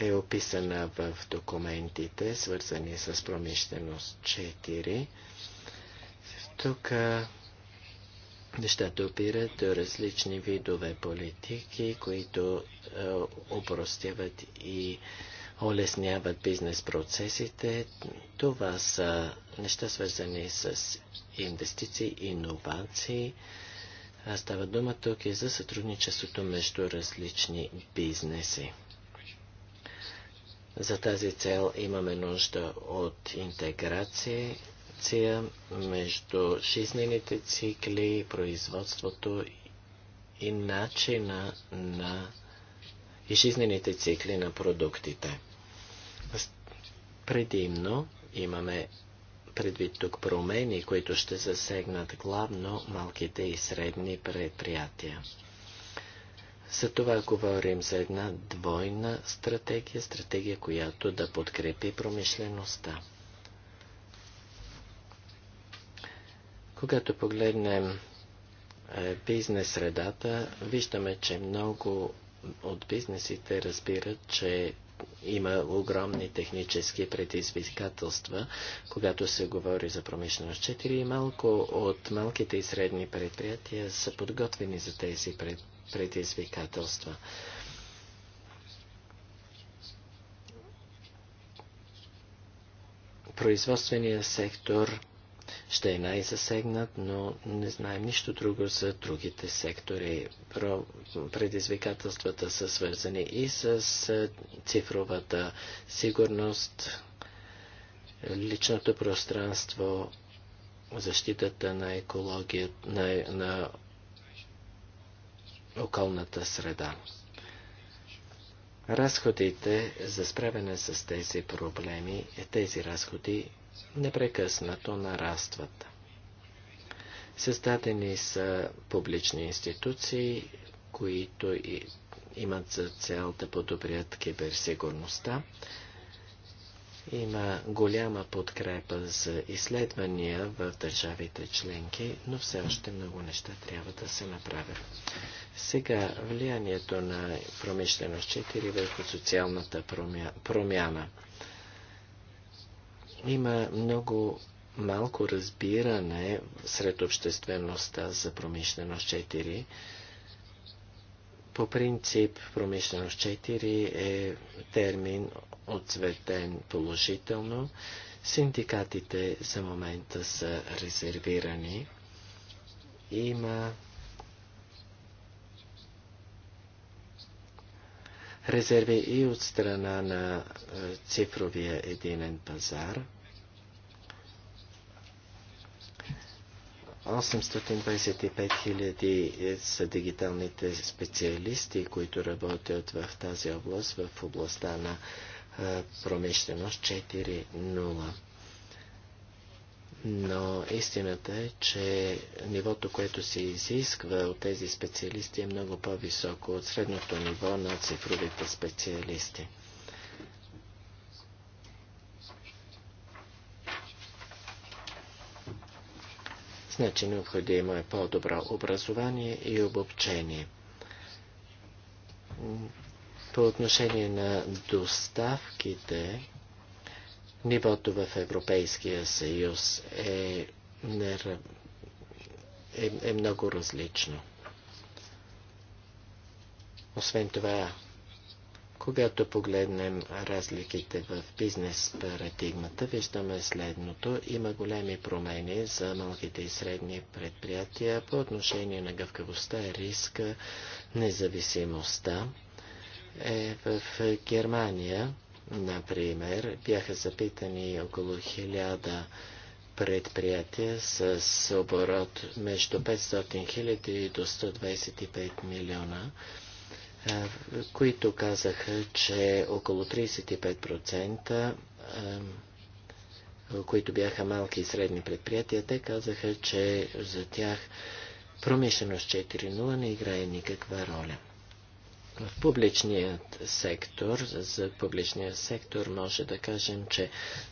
е описана в документите, свързани с промишленост 4. Тук нещата опират до различни видове политики, които опростяват упростяват и олесняват бизнес процесите. Това са неща свързани с инвестиции, иновации. Става дума тук и за сътрудничеството между различни бизнеси. За тази цел имаме нужда от интеграция между жизнените цикли, производството и начина на и жизнените цикли на продуктите. Предимно имаме предвид тук промени, които ще засегнат главно малките и средни предприятия. За това говорим за една двойна стратегия, стратегия, която да подкрепи промишлеността. Когато погледнем е, бизнес средата, виждаме, че много от бизнесите разбират, че има огромни технически предизвикателства, когато се говори за промишленост 4 и малко от малките и средни предприятия са подготвени за тези предприятия предизвикателства. Производственият сектор ще е най-засегнат, но не знаем нищо друго за другите сектори. Предизвикателствата са свързани и с цифровата сигурност, личното пространство, защитата на екологията, на, на околната среда. Разходите за справяне с тези проблеми, тези разходи непрекъснато нарастват. Създадени са публични институции, които и имат за цел да подобрят киберсигурността. Има голяма подкрепа за изследвания в държавите членки, но все още много неща трябва да се направят. Сега влиянието на промишленост 4 върху социалната промя... промяна. Има много малко разбиране сред обществеността за промишленост 4. По принцип, промишленост 4 е термин отцветен положително. Синдикатите за момента са резервирани. Има резерви и от страна на цифровия единен пазар. 825 хиляди е, са дигиталните специалисти, които работят в тази област, в областта на промишленост 4.0. Но истината е, че нивото, което се изисква от тези специалисти е много по-високо от средното ниво на цифровите специалисти. Значи необходимо е по-добро образование и обобчение. По отношение на доставките, Нивото в Европейския съюз е, е, е много различно. Освен това, когато погледнем разликите в бизнес парадигмата, виждаме следното. Има големи промени за малките и средни предприятия по отношение на гъвкавостта, риска, независимостта. Е, в Германия Например, бяха запитани около 1000 предприятия с оборот между 500 000 и до 125 милиона, които казаха, че около 35% които бяха малки и средни предприятия, те казаха, че за тях промишленост 4.0 не играе никаква роля. В публичният сектор, за публичния сектор може да кажем, че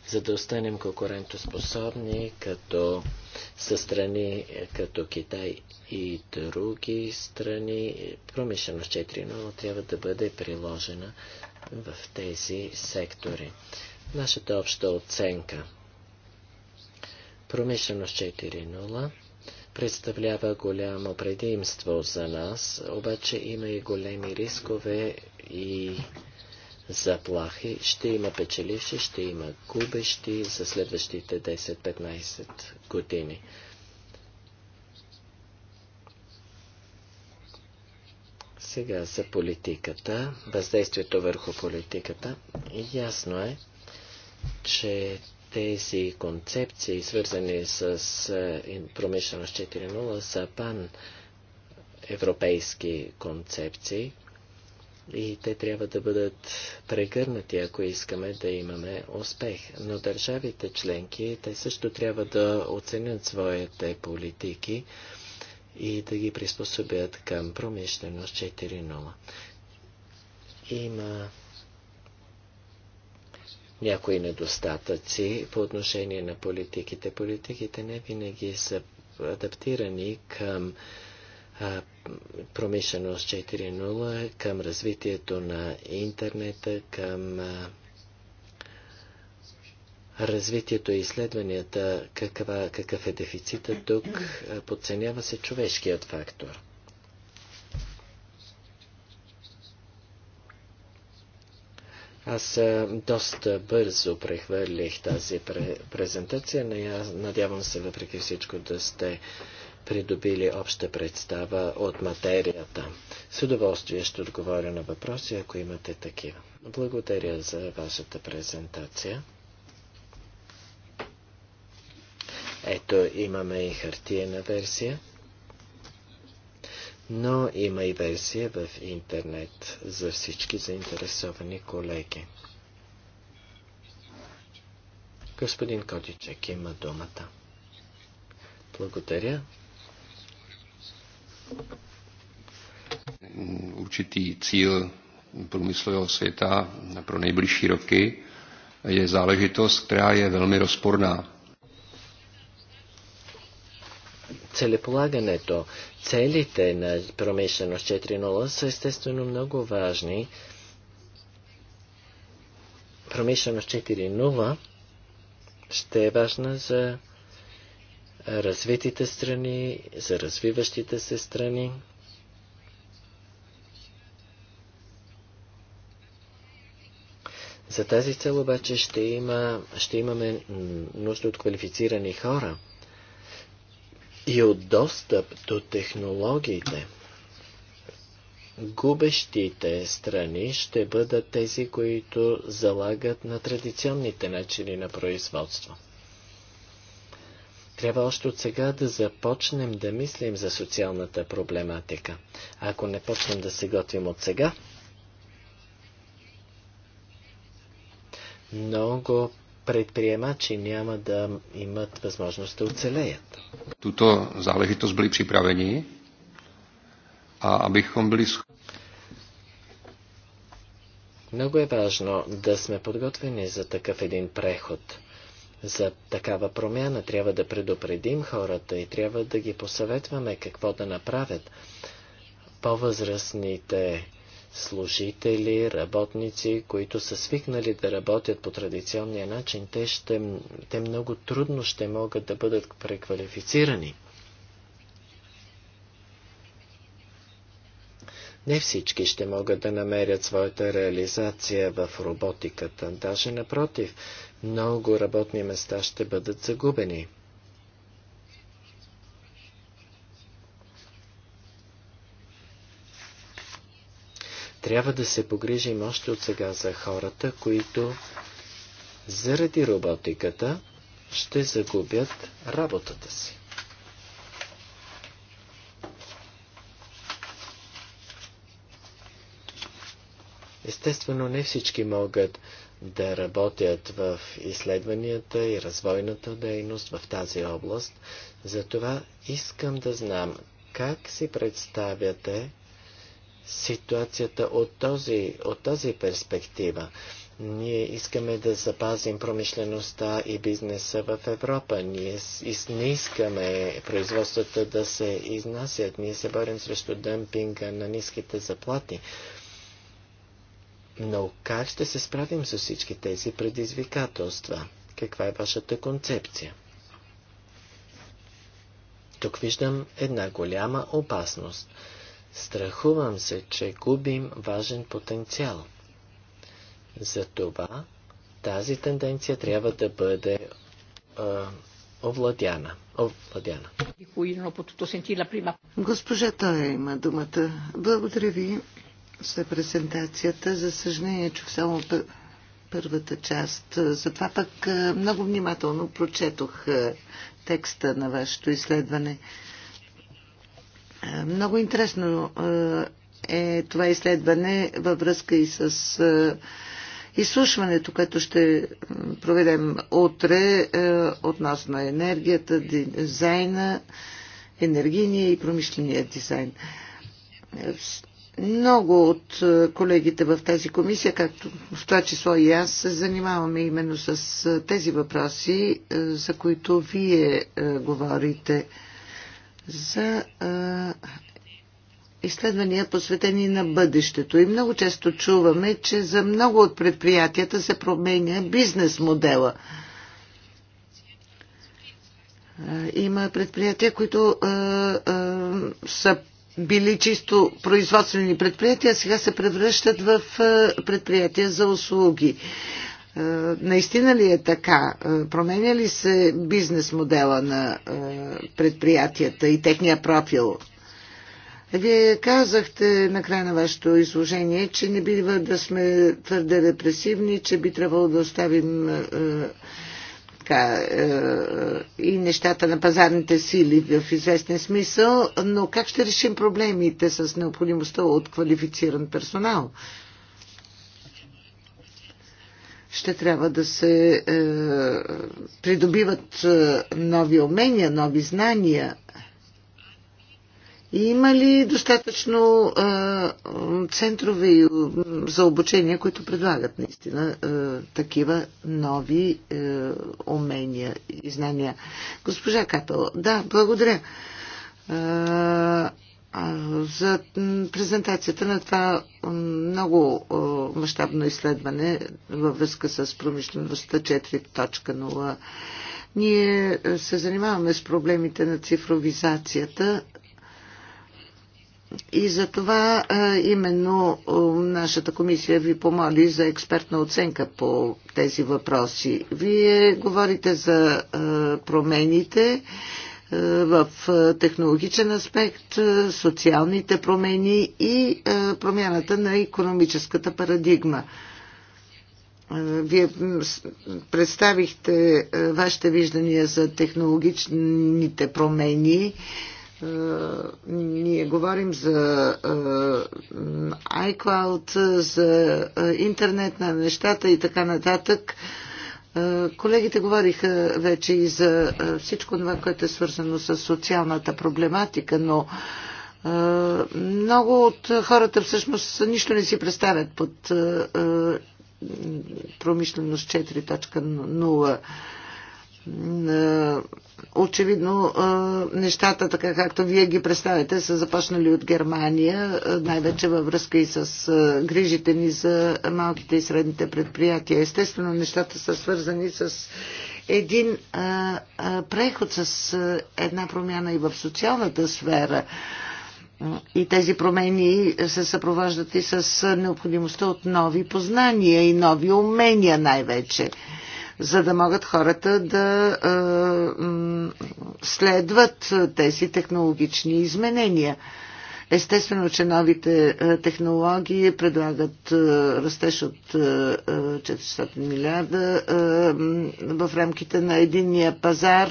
за да останем конкурентоспособни като със страни като Китай и други страни, промишленост 4.0 трябва да бъде приложена в тези сектори. Нашата обща оценка. Промишленост 4.0 представлява голямо предимство за нас, обаче има и големи рискове и заплахи. Ще има печеливши, ще има губещи за следващите 10-15 години. Сега за политиката, въздействието върху политиката. Ясно е, че тези концепции, свързани с е, промишленост 4.0, са пан-европейски концепции и те трябва да бъдат прегърнати, ако искаме да имаме успех. Но държавите членки, те също трябва да оценят своите политики и да ги приспособят към промишленост 4.0. Има някои недостатъци по отношение на политиките. Политиките не винаги са адаптирани към промишленост 4.0, към развитието на интернета, към развитието и изследванията, каква, какъв е дефицитът тук, подценява се човешкият фактор. Аз е, доста бързо прехвърлих тази презентация, но я надявам се въпреки всичко да сте придобили обща представа от материята. С удоволствие ще отговоря на въпроси, ако имате такива. Благодаря за вашата презентация. Ето имаме и хартиена версия но има и версия в интернет за всички заинтересовани колеги. Господин Котичек има думата. Благодаря. Určitý cíl průmyslového světa pro nejbližší roky je záležitost, která je velmi rozporná целеполагането, целите на промишленост 4.0 са естествено много важни. Промишленост 4.0 ще е важна за развитите страни, за развиващите се страни. За тази цел обаче ще, има, ще имаме нужда от квалифицирани хора – и от достъп до технологиите. Губещите страни ще бъдат тези, които залагат на традиционните начини на производство. Трябва още от сега да започнем да мислим за социалната проблематика. ако не почнем да се готвим от сега, много предприемачи няма да имат възможност да оцелеят. Туто záležitost byli připraveni a abychom byli Много е важно да сме подготвени за такъв един преход. За такава промяна трябва да предупредим хората и трябва да ги посъветваме какво да направят. По-възрастните служители, работници, които са свикнали да работят по традиционния начин, те, ще, те много трудно ще могат да бъдат преквалифицирани. Не всички ще могат да намерят своята реализация в роботиката, даже напротив, много работни места ще бъдат загубени. Трябва да се погрижим още от сега за хората, които заради роботиката ще загубят работата си. Естествено, не всички могат да работят в изследванията и развойната дейност в тази област. Затова искам да знам как си представяте ситуацията от, този, от тази перспектива. Ние искаме да запазим промишлеността и бизнеса в Европа. Ние не искаме производствата да се изнасят. Ние се борим срещу дъмпинга на ниските заплати. Но как ще се справим с всички тези предизвикателства? Каква е вашата концепция? Тук виждам една голяма опасност – Страхувам се, че губим важен потенциал. Затова тази тенденция трябва да бъде а, овладяна. овладяна. Госпожа Тоя има думата. Благодаря ви за презентацията. За съжаление, чух само първата част. Затова пък много внимателно прочетох текста на вашето изследване. Е, много интересно е, е това изследване във връзка и с е, изслушването, което ще проведем утре относно енергията, дизайна, енергийния и промишления дизайн. Много от колегите в тази комисия, както в това число и аз, се занимаваме именно с тези въпроси, за които вие говорите за изследвания, посветени на бъдещето. И много често чуваме, че за много от предприятията се променя бизнес модела. Има предприятия, които а, а, са били чисто производствени предприятия, а сега се превръщат в предприятия за услуги. Е, наистина ли е така? Е, променя ли се бизнес модела на е, предприятията и техния профил? Вие казахте на края на вашето изложение, че не бива да сме твърде репресивни, че би трябвало да оставим така, и нещата на пазарните сили в известен смисъл, но как ще решим проблемите с необходимостта от квалифициран персонал? ще трябва да се е, придобиват е, нови умения, нови знания. И има ли достатъчно е, центрове за обучение, които предлагат наистина е, такива нови е, умения и знания? Госпожа Капел, да, благодаря. Е, за презентацията на това много мащабно изследване във връзка с промишлеността 4.0. Ние е, се занимаваме с проблемите на цифровизацията и за това е, именно нашата комисия ви помоли за експертна оценка по тези въпроси. Вие говорите за е, промените, е, в е, технологичен аспект, е, социалните промени и промяната на економическата парадигма. Вие представихте вашите виждания за технологичните промени. Ние говорим за iCloud, за интернет на нещата и така нататък. Колегите говориха вече и за всичко това, което е свързано с социалната проблематика, но много от хората всъщност нищо не си представят под промишленост 4.0. Е, очевидно, е, нещата, така както вие ги представяте, са започнали от Германия, е, най-вече във връзка и с грижите ни за малките и средните предприятия. Естествено, нещата са свързани с един преход, с една промяна и в социалната сфера. И тези промени се съпровождат и с необходимостта от нови познания и нови умения най-вече за да могат хората да следват тези технологични изменения. Естествено, че новите технологии предлагат растеж от 400 милиарда в рамките на единния пазар.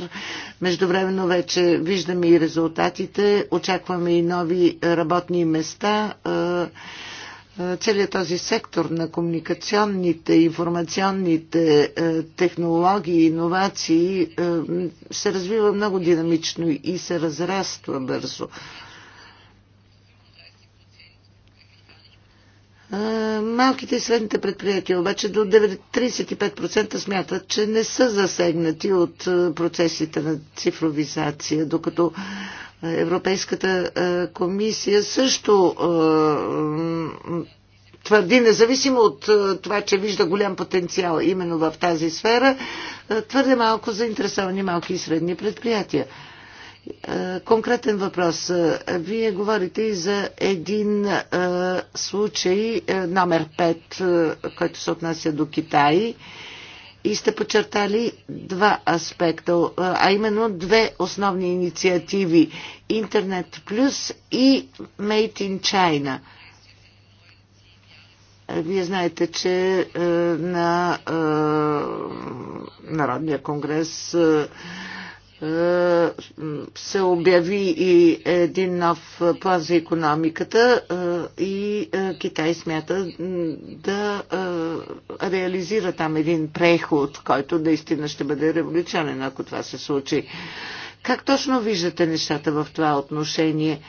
Междувременно вече виждаме и резултатите, очакваме и нови работни места целият този сектор на комуникационните, информационните е, технологии, иновации е, се развива много динамично и се разраства бързо. Малките и средните предприятия обаче до 35% смятат, че не са засегнати от е, процесите на цифровизация, докато Европейската е, комисия също е, твърди, независимо от е, това, че вижда голям потенциал именно в тази сфера, твърде малко заинтересовани малки и средни предприятия. Конкретен въпрос. Вие говорите и за един случай номер 5, който се отнася до Китай и сте почертали два аспекта, а именно две основни инициативи Интернет Плюс и Made in China. Вие знаете, че е, на е, Народния конгрес е, е, се обяви и един нов план за економиката е, и е, Китай смята да реализира там един преход, който наистина ще бъде революционен, ако това се случи. Как точно виждате нещата в това отношение?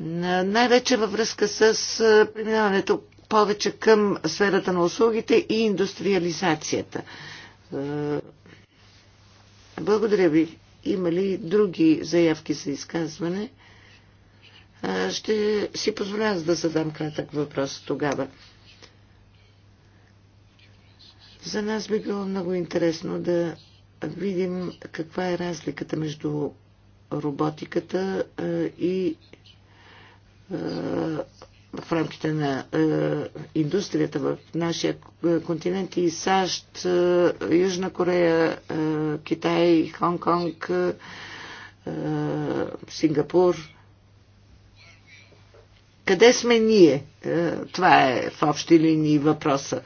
Най-вече във връзка с преминаването повече към сферата на услугите и индустриализацията. Благодаря ви има ли други заявки за изказване? Ще си позволя да задам кратък въпрос тогава. За нас би било много интересно да видим каква е разликата между роботиката и в рамките на е, индустрията в нашия е, континент и САЩ, е, Южна Корея, е, Китай, Хонг-Конг, е, е, Сингапур. Къде сме ние? Е, това е в общи линии въпроса. Е,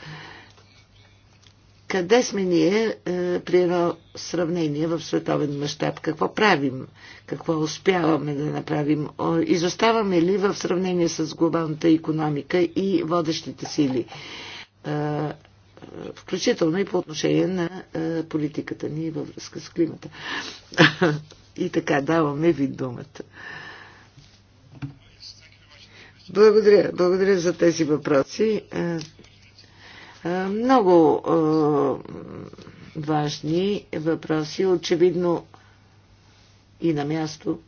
къде сме ние е, при едно сравнение в световен мащаб? Какво правим? Какво успяваме да направим? Изоставаме ли в сравнение с глобалната економика и водещите сили? Е, е, включително и по отношение на е, политиката ни във връзка с климата. и така, даваме ви думата. Благодаря. Благодаря за тези въпроси. Е, много важни въпроси, очевидно и на място.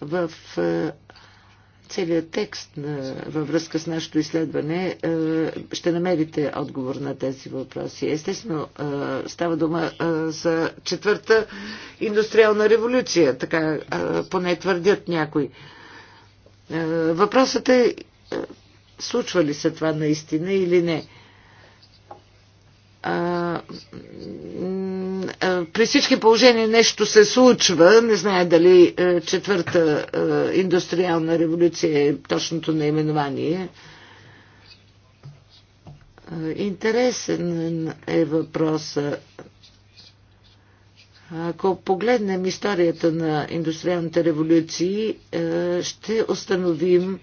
В целият текст на, във връзка с нашето изследване ще намерите отговор на тези въпроси. Естествено, става дума за четвърта индустриална революция, така поне твърдят някои. Въпросът е случва ли се това наистина или не. А, при всички положения нещо се случва. Не знае дали е, четвърта е, индустриална революция е точното наименование. Е, интересен е въпроса. Ако погледнем историята на индустриалните революции, ще установим,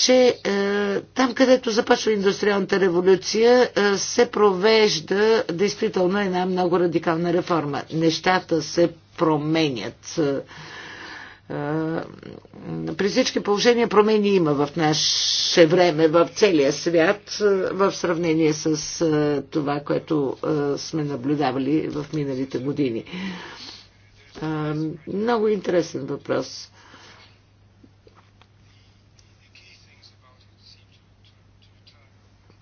че е, там, където започва индустриалната революция, е, се провежда действително една много радикална реформа. Нещата се променят. Е, е при всички положения промени има в наше време, в целия свят, е, в сравнение с е, това, което сме наблюдавали в миналите години. Много интересен въпрос.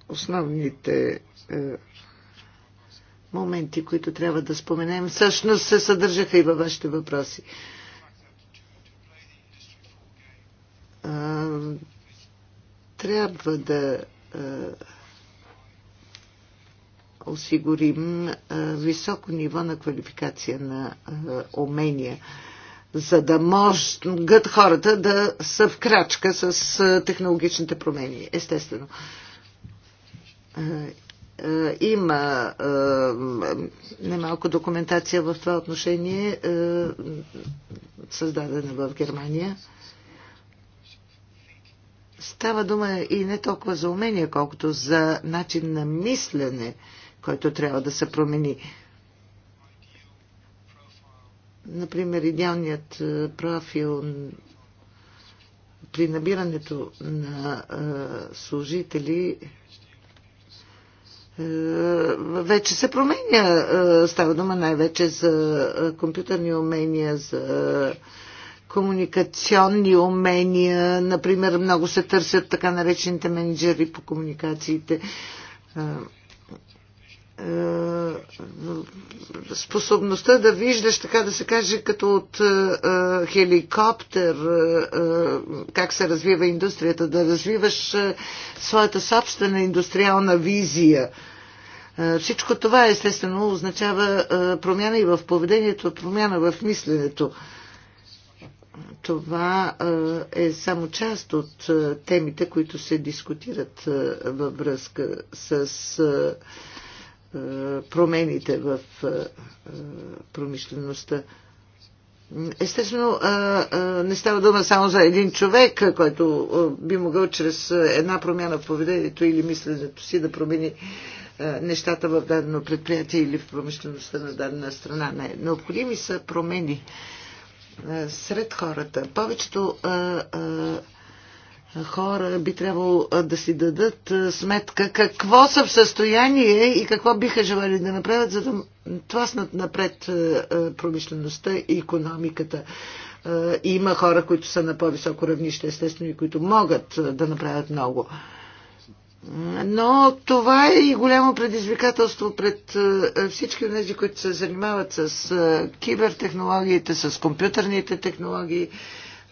основните е, моменти, които трябва да споменем, всъщност се съдържаха и във вашите въпроси. Е, трябва да е, осигурим високо ниво на квалификация на умения, за да могат хората да са в крачка с технологичните промени, естествено. Е, е, има е, немалко документация в това отношение, създадена в Германия. Става дума и не толкова за умения, колкото за начин на мислене, който трябва да се промени. Например, идеалният профил при набирането на служители е, вече се променя. Е, става дума най-вече за е, компютърни умения, за комуникационни умения. Например, много се търсят така наречените менеджери по комуникациите. Е, способността да виждаш, така да се каже, като от е, е хеликоптер, е, е, как се развива индустрията, да развиваш е, своята собствена индустриална визия. Е, всичко това, естествено, означава е, промяна и в поведението, промяна в мисленето. Това е само част от темите, които се дискутират във връзка с. Е, промените в е, е, промишлеността. Естествено, не става дума само за един човек, който би могъл чрез една промяна в поведението или мисленето си да промени нещата в дадено предприятие или в промишлеността на дадена страна. Не, необходими са промени сред хората. Повечето хора би трябвало да си дадат сметка какво са в състояние и какво биха желали да направят, за да тласнат напред промишлеността и економиката. Има хора, които са на по-високо равнище, естествено, и които могат да направят много. Но това е и голямо предизвикателство пред всички от тези, които се занимават с кибертехнологиите, с компютърните технологии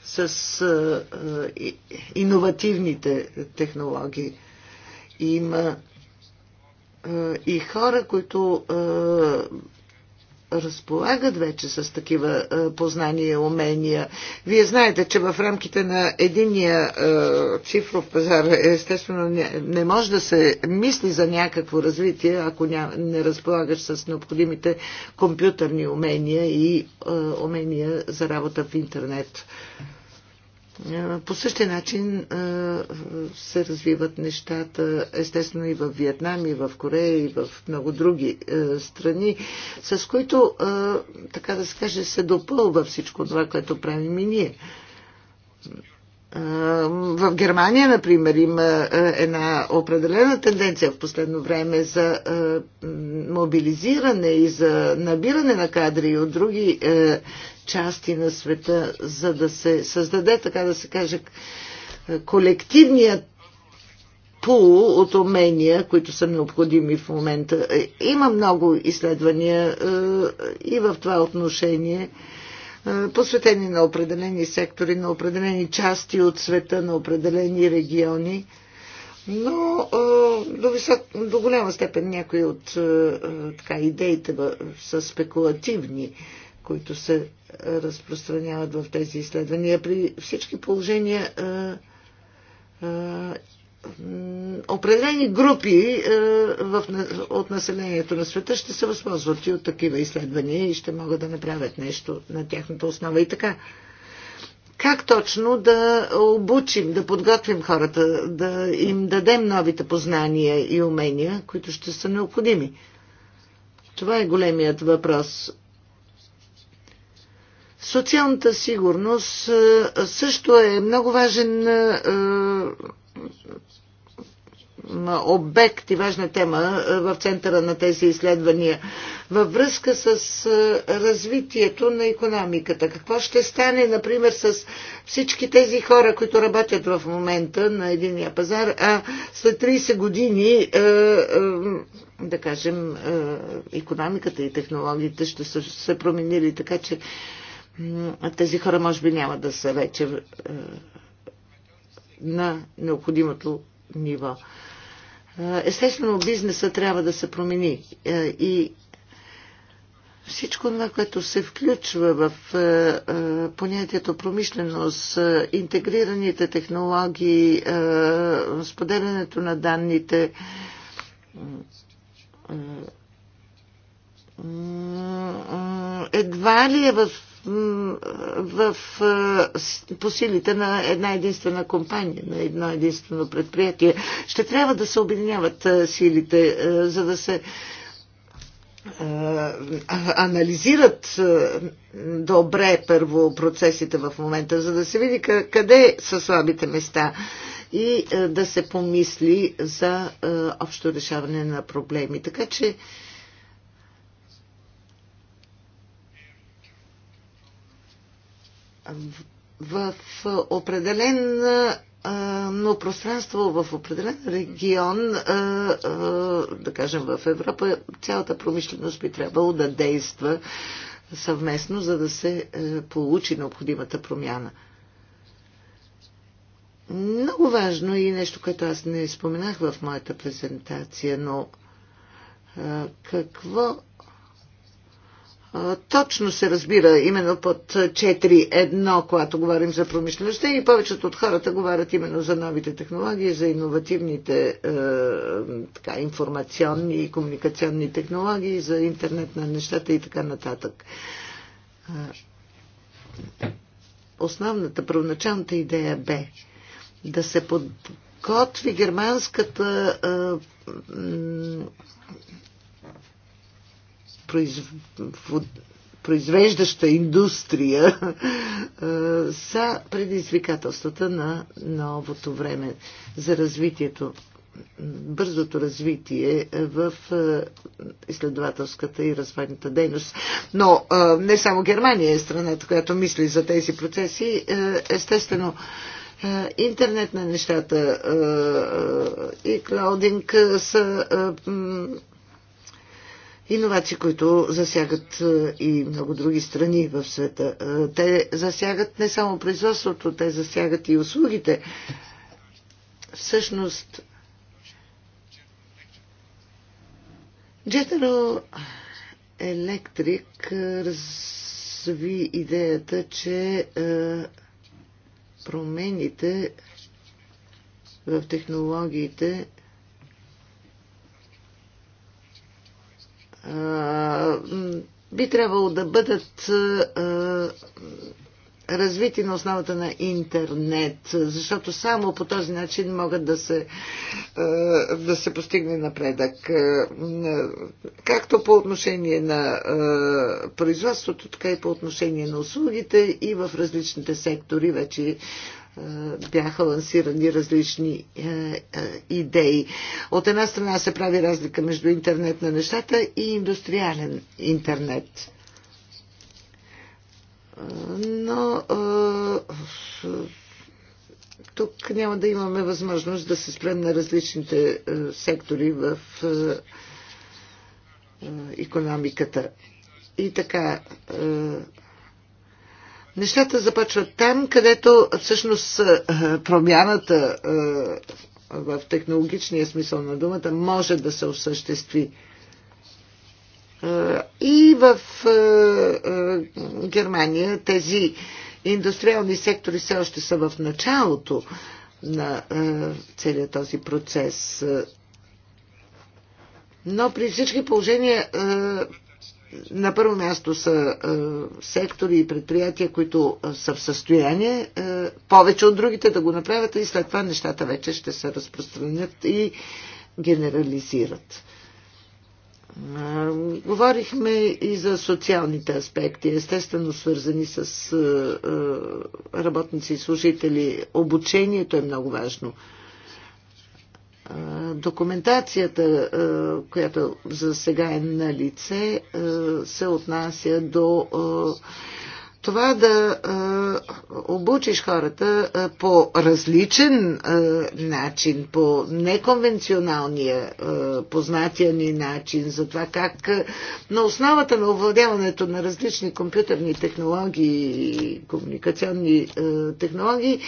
с иновативните технологии. Има и хора, които разполагат вече с такива познания и умения. Вие знаете, че в рамките на единия цифров пазар естествено не, не може да се мисли за някакво развитие, ако ня, не разполагаш с необходимите компютърни умения и умения за работа в интернет. Е, по същия начин е, се развиват нещата, естествено и в Виетнам, и в Корея, и в много други е, страни, с които, така да се каже, се допълва всичко това, което правим и ние. В Германия, например, има една определена тенденция в последно време за мобилизиране и за набиране на кадри от други части на света, за да се създаде, така да се каже, колективният пул от умения, които са необходими в момента. Има много изследвания и в това отношение. Е, посветени на определени сектори, на определени части от света, на определени региони. Но е, до, висок, до голяма степен някои от е, така, идеите са спекулативни, които се разпространяват в тези изследвания. При всички положения определени групи е, в, от населението на света ще се възползват и от такива изследвания и ще могат да направят нещо на тяхната основа. И така, как точно да обучим, да подготвим хората, да им дадем новите познания и умения, които ще са необходими? Това е големият въпрос. Социалната сигурност е, също е много важен е, обект и важна тема е, в центъра на тези изследвания във връзка с е, развитието на економиката. Какво ще стане, например, с всички тези хора, които работят в момента на единия пазар, а след 30 години, е, да кажем, економиката и технологиите ще са се променили, така че тези хора може би няма да са вече на необходимото ниво. Е, естествено, бизнеса трябва да се промени е, и всичко това, което се включва в е, понятието промишленост, интегрираните технологии, споделянето на данните, едва ли е в в, по силите на една единствена компания, на едно единствено предприятие. Ще трябва да се объединяват силите, за да се анализират добре първо процесите в момента, за да се види къде са слабите места и да се помисли за общо решаване на проблеми. Така че в определен но пространство в определен регион, да кажем в Европа, цялата промишленост би трябвало да действа съвместно, за да се получи необходимата промяна. Много важно и нещо, което аз не споменах в моята презентация, но какво точно се разбира именно под 4.1, когато говорим за промишлеността и повечето от хората говорят именно за новите технологии, за иновативните е, така, информационни и комуникационни технологии, за интернет на нещата и така нататък. Основната, първоначалната идея бе да се подготви германската е, произв... произвеждаща индустрия са предизвикателствата на новото време за развитието, бързото развитие в изследователската и развойната дейност. Но не само Германия е страната, която мисли за тези процеси. Естествено, интернет на нещата и клаудинг са иновации, които засягат е, и много други страни в света. Е, те засягат не само производството, те засягат и услугите. Всъщност, General Electric разви идеята, че е, промените в технологиите би трябвало да бъдат развити на основата на интернет, защото само по този начин могат да се, да се постигне напредък. Както по отношение на производството, така и по отношение на услугите и в различните сектори вече е, бяха лансирани различни е, е, идеи. От една страна се прави разлика между интернет на нещата и индустриален интернет. Но тук няма да имаме възможност да се спрем на различните сектори в економиката. И така, Нещата започват там, където всъщност е, промяната е, в технологичния смисъл на думата може да се осъществи. Е, и в Германия тези индустриални сектори все още са в началото на целият този процес. Но при всички положения на първо място са е, сектори и предприятия, които е, са в състояние е, повече от другите да го направят и след това нещата вече ще се разпространят и генерализират. Говорихме и за социалните аспекти, естествено свързани с работници и служители. Обучението е много важно документацията, която за сега е на лице, се отнася до това да обучиш хората по различен начин, по неконвенционалния, познатия ни начин, за това как на основата на овладяването на различни компютърни технологии и комуникационни технологии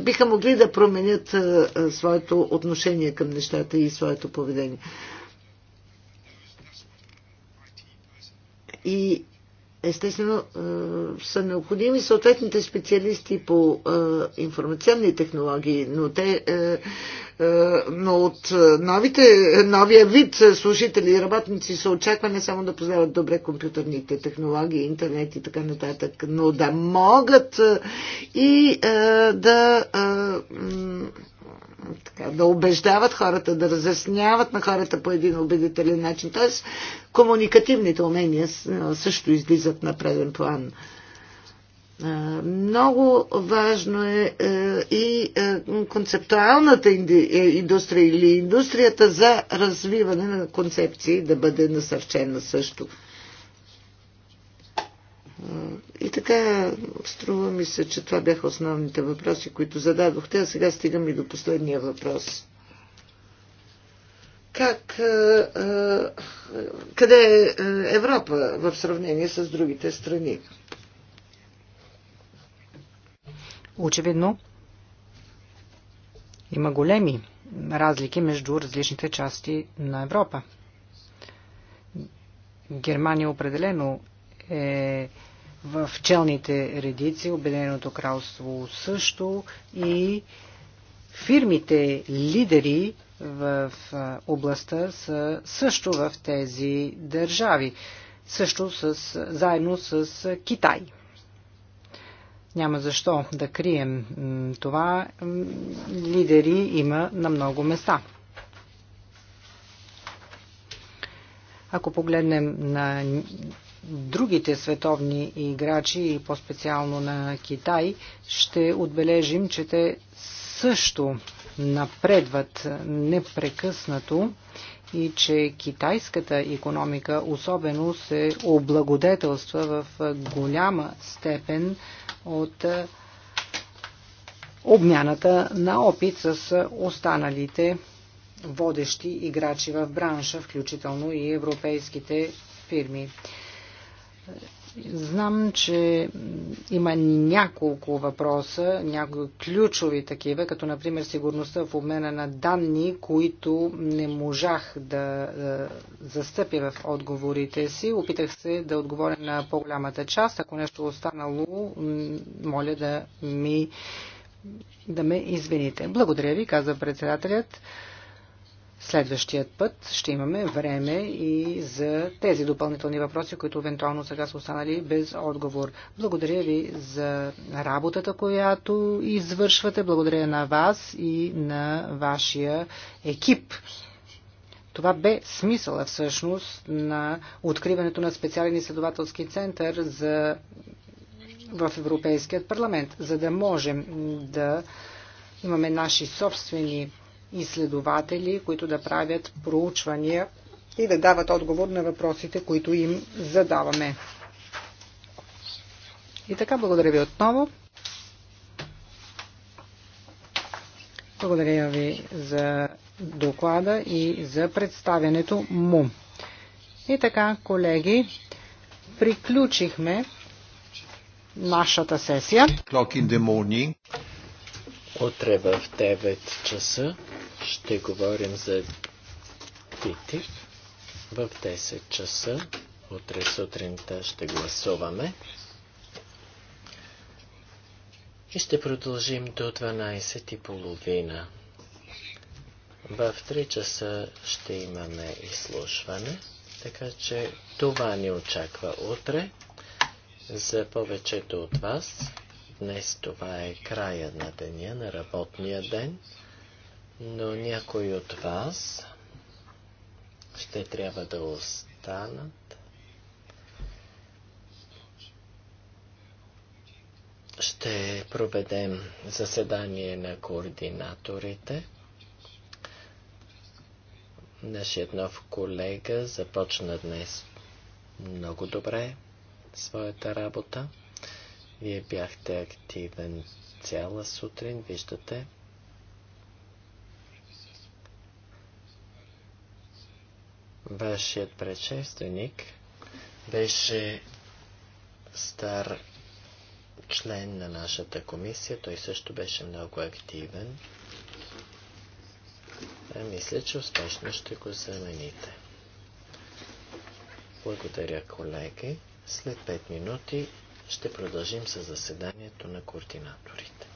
биха могли да променят своето отношение към нещата и своето поведение. И Естествено е, са необходими съответните специалисти по е, информационни технологии, но те е, но от новите, новия вид служители и работници се очаква не само да познават добре компютърните технологии, интернет и така нататък, но да могат и да така, да убеждават хората, да разясняват на хората по един убедителен начин. Тоест, комуникативните умения също излизат на преден план. Много важно е, е и е, концептуалната е, индустрия или индустрията за развиване на концепции да бъде насърчена също. И така, струва ми се, че това бяха основните въпроси, които зададохте, а сега стигам и до последния въпрос. Как, е, е, къде е Европа в сравнение с другите страни? Очевидно, има големи разлики между различните части на Европа. Германия определено е в челните редици, Обединеното кралство също и фирмите лидери в областта са също в тези държави, също с, заедно с Китай. Няма защо да крием това. Лидери има на много места. Ако погледнем на другите световни играчи и по-специално на Китай, ще отбележим, че те също напредват непрекъснато и че китайската економика особено се облагодетелства в голяма степен от обмяната на опит с останалите водещи играчи в бранша, включително и европейските фирми. Знам, че има няколко въпроса, някои ключови такива, като например сигурността в обмена на данни, които не можах да е, застъпя в отговорите си. Опитах се да отговоря на по-голямата част. Ако нещо е останало, моля да ми да ме извините. Благодаря ви, каза председателят. Следващият път ще имаме време и за тези допълнителни въпроси, които евентуално сега са останали без отговор. Благодаря ви за работата, която извършвате. Благодаря на вас и на вашия екип. Това бе смисъла всъщност на откриването на специален изследователски център за... в Европейският парламент, за да можем да имаме наши собствени изследователи, които да правят проучвания и да дават отговор на въпросите, които им задаваме. И така, благодаря ви отново. Благодаря ви за доклада и за представянето му. И така, колеги, приключихме нашата сесия. Утре в 9 часа ще говорим за ТИТИВ в 10 часа. Утре сутринта ще гласуваме. И ще продължим до 12.30. В 3 часа ще имаме изслушване, така че това ни очаква утре. За повечето от вас, днес това е края на деня, на работния ден но някои от вас ще трябва да останат. Ще проведем заседание на координаторите. Нашият нов колега започна днес много добре своята работа. Вие бяхте активен цяла сутрин, виждате. Вашият предшественик беше стар член на нашата комисия. Той също беше много активен. А мисля, че успешно ще го замените. Благодаря, колеги. След 5 минути ще продължим с заседанието на координаторите.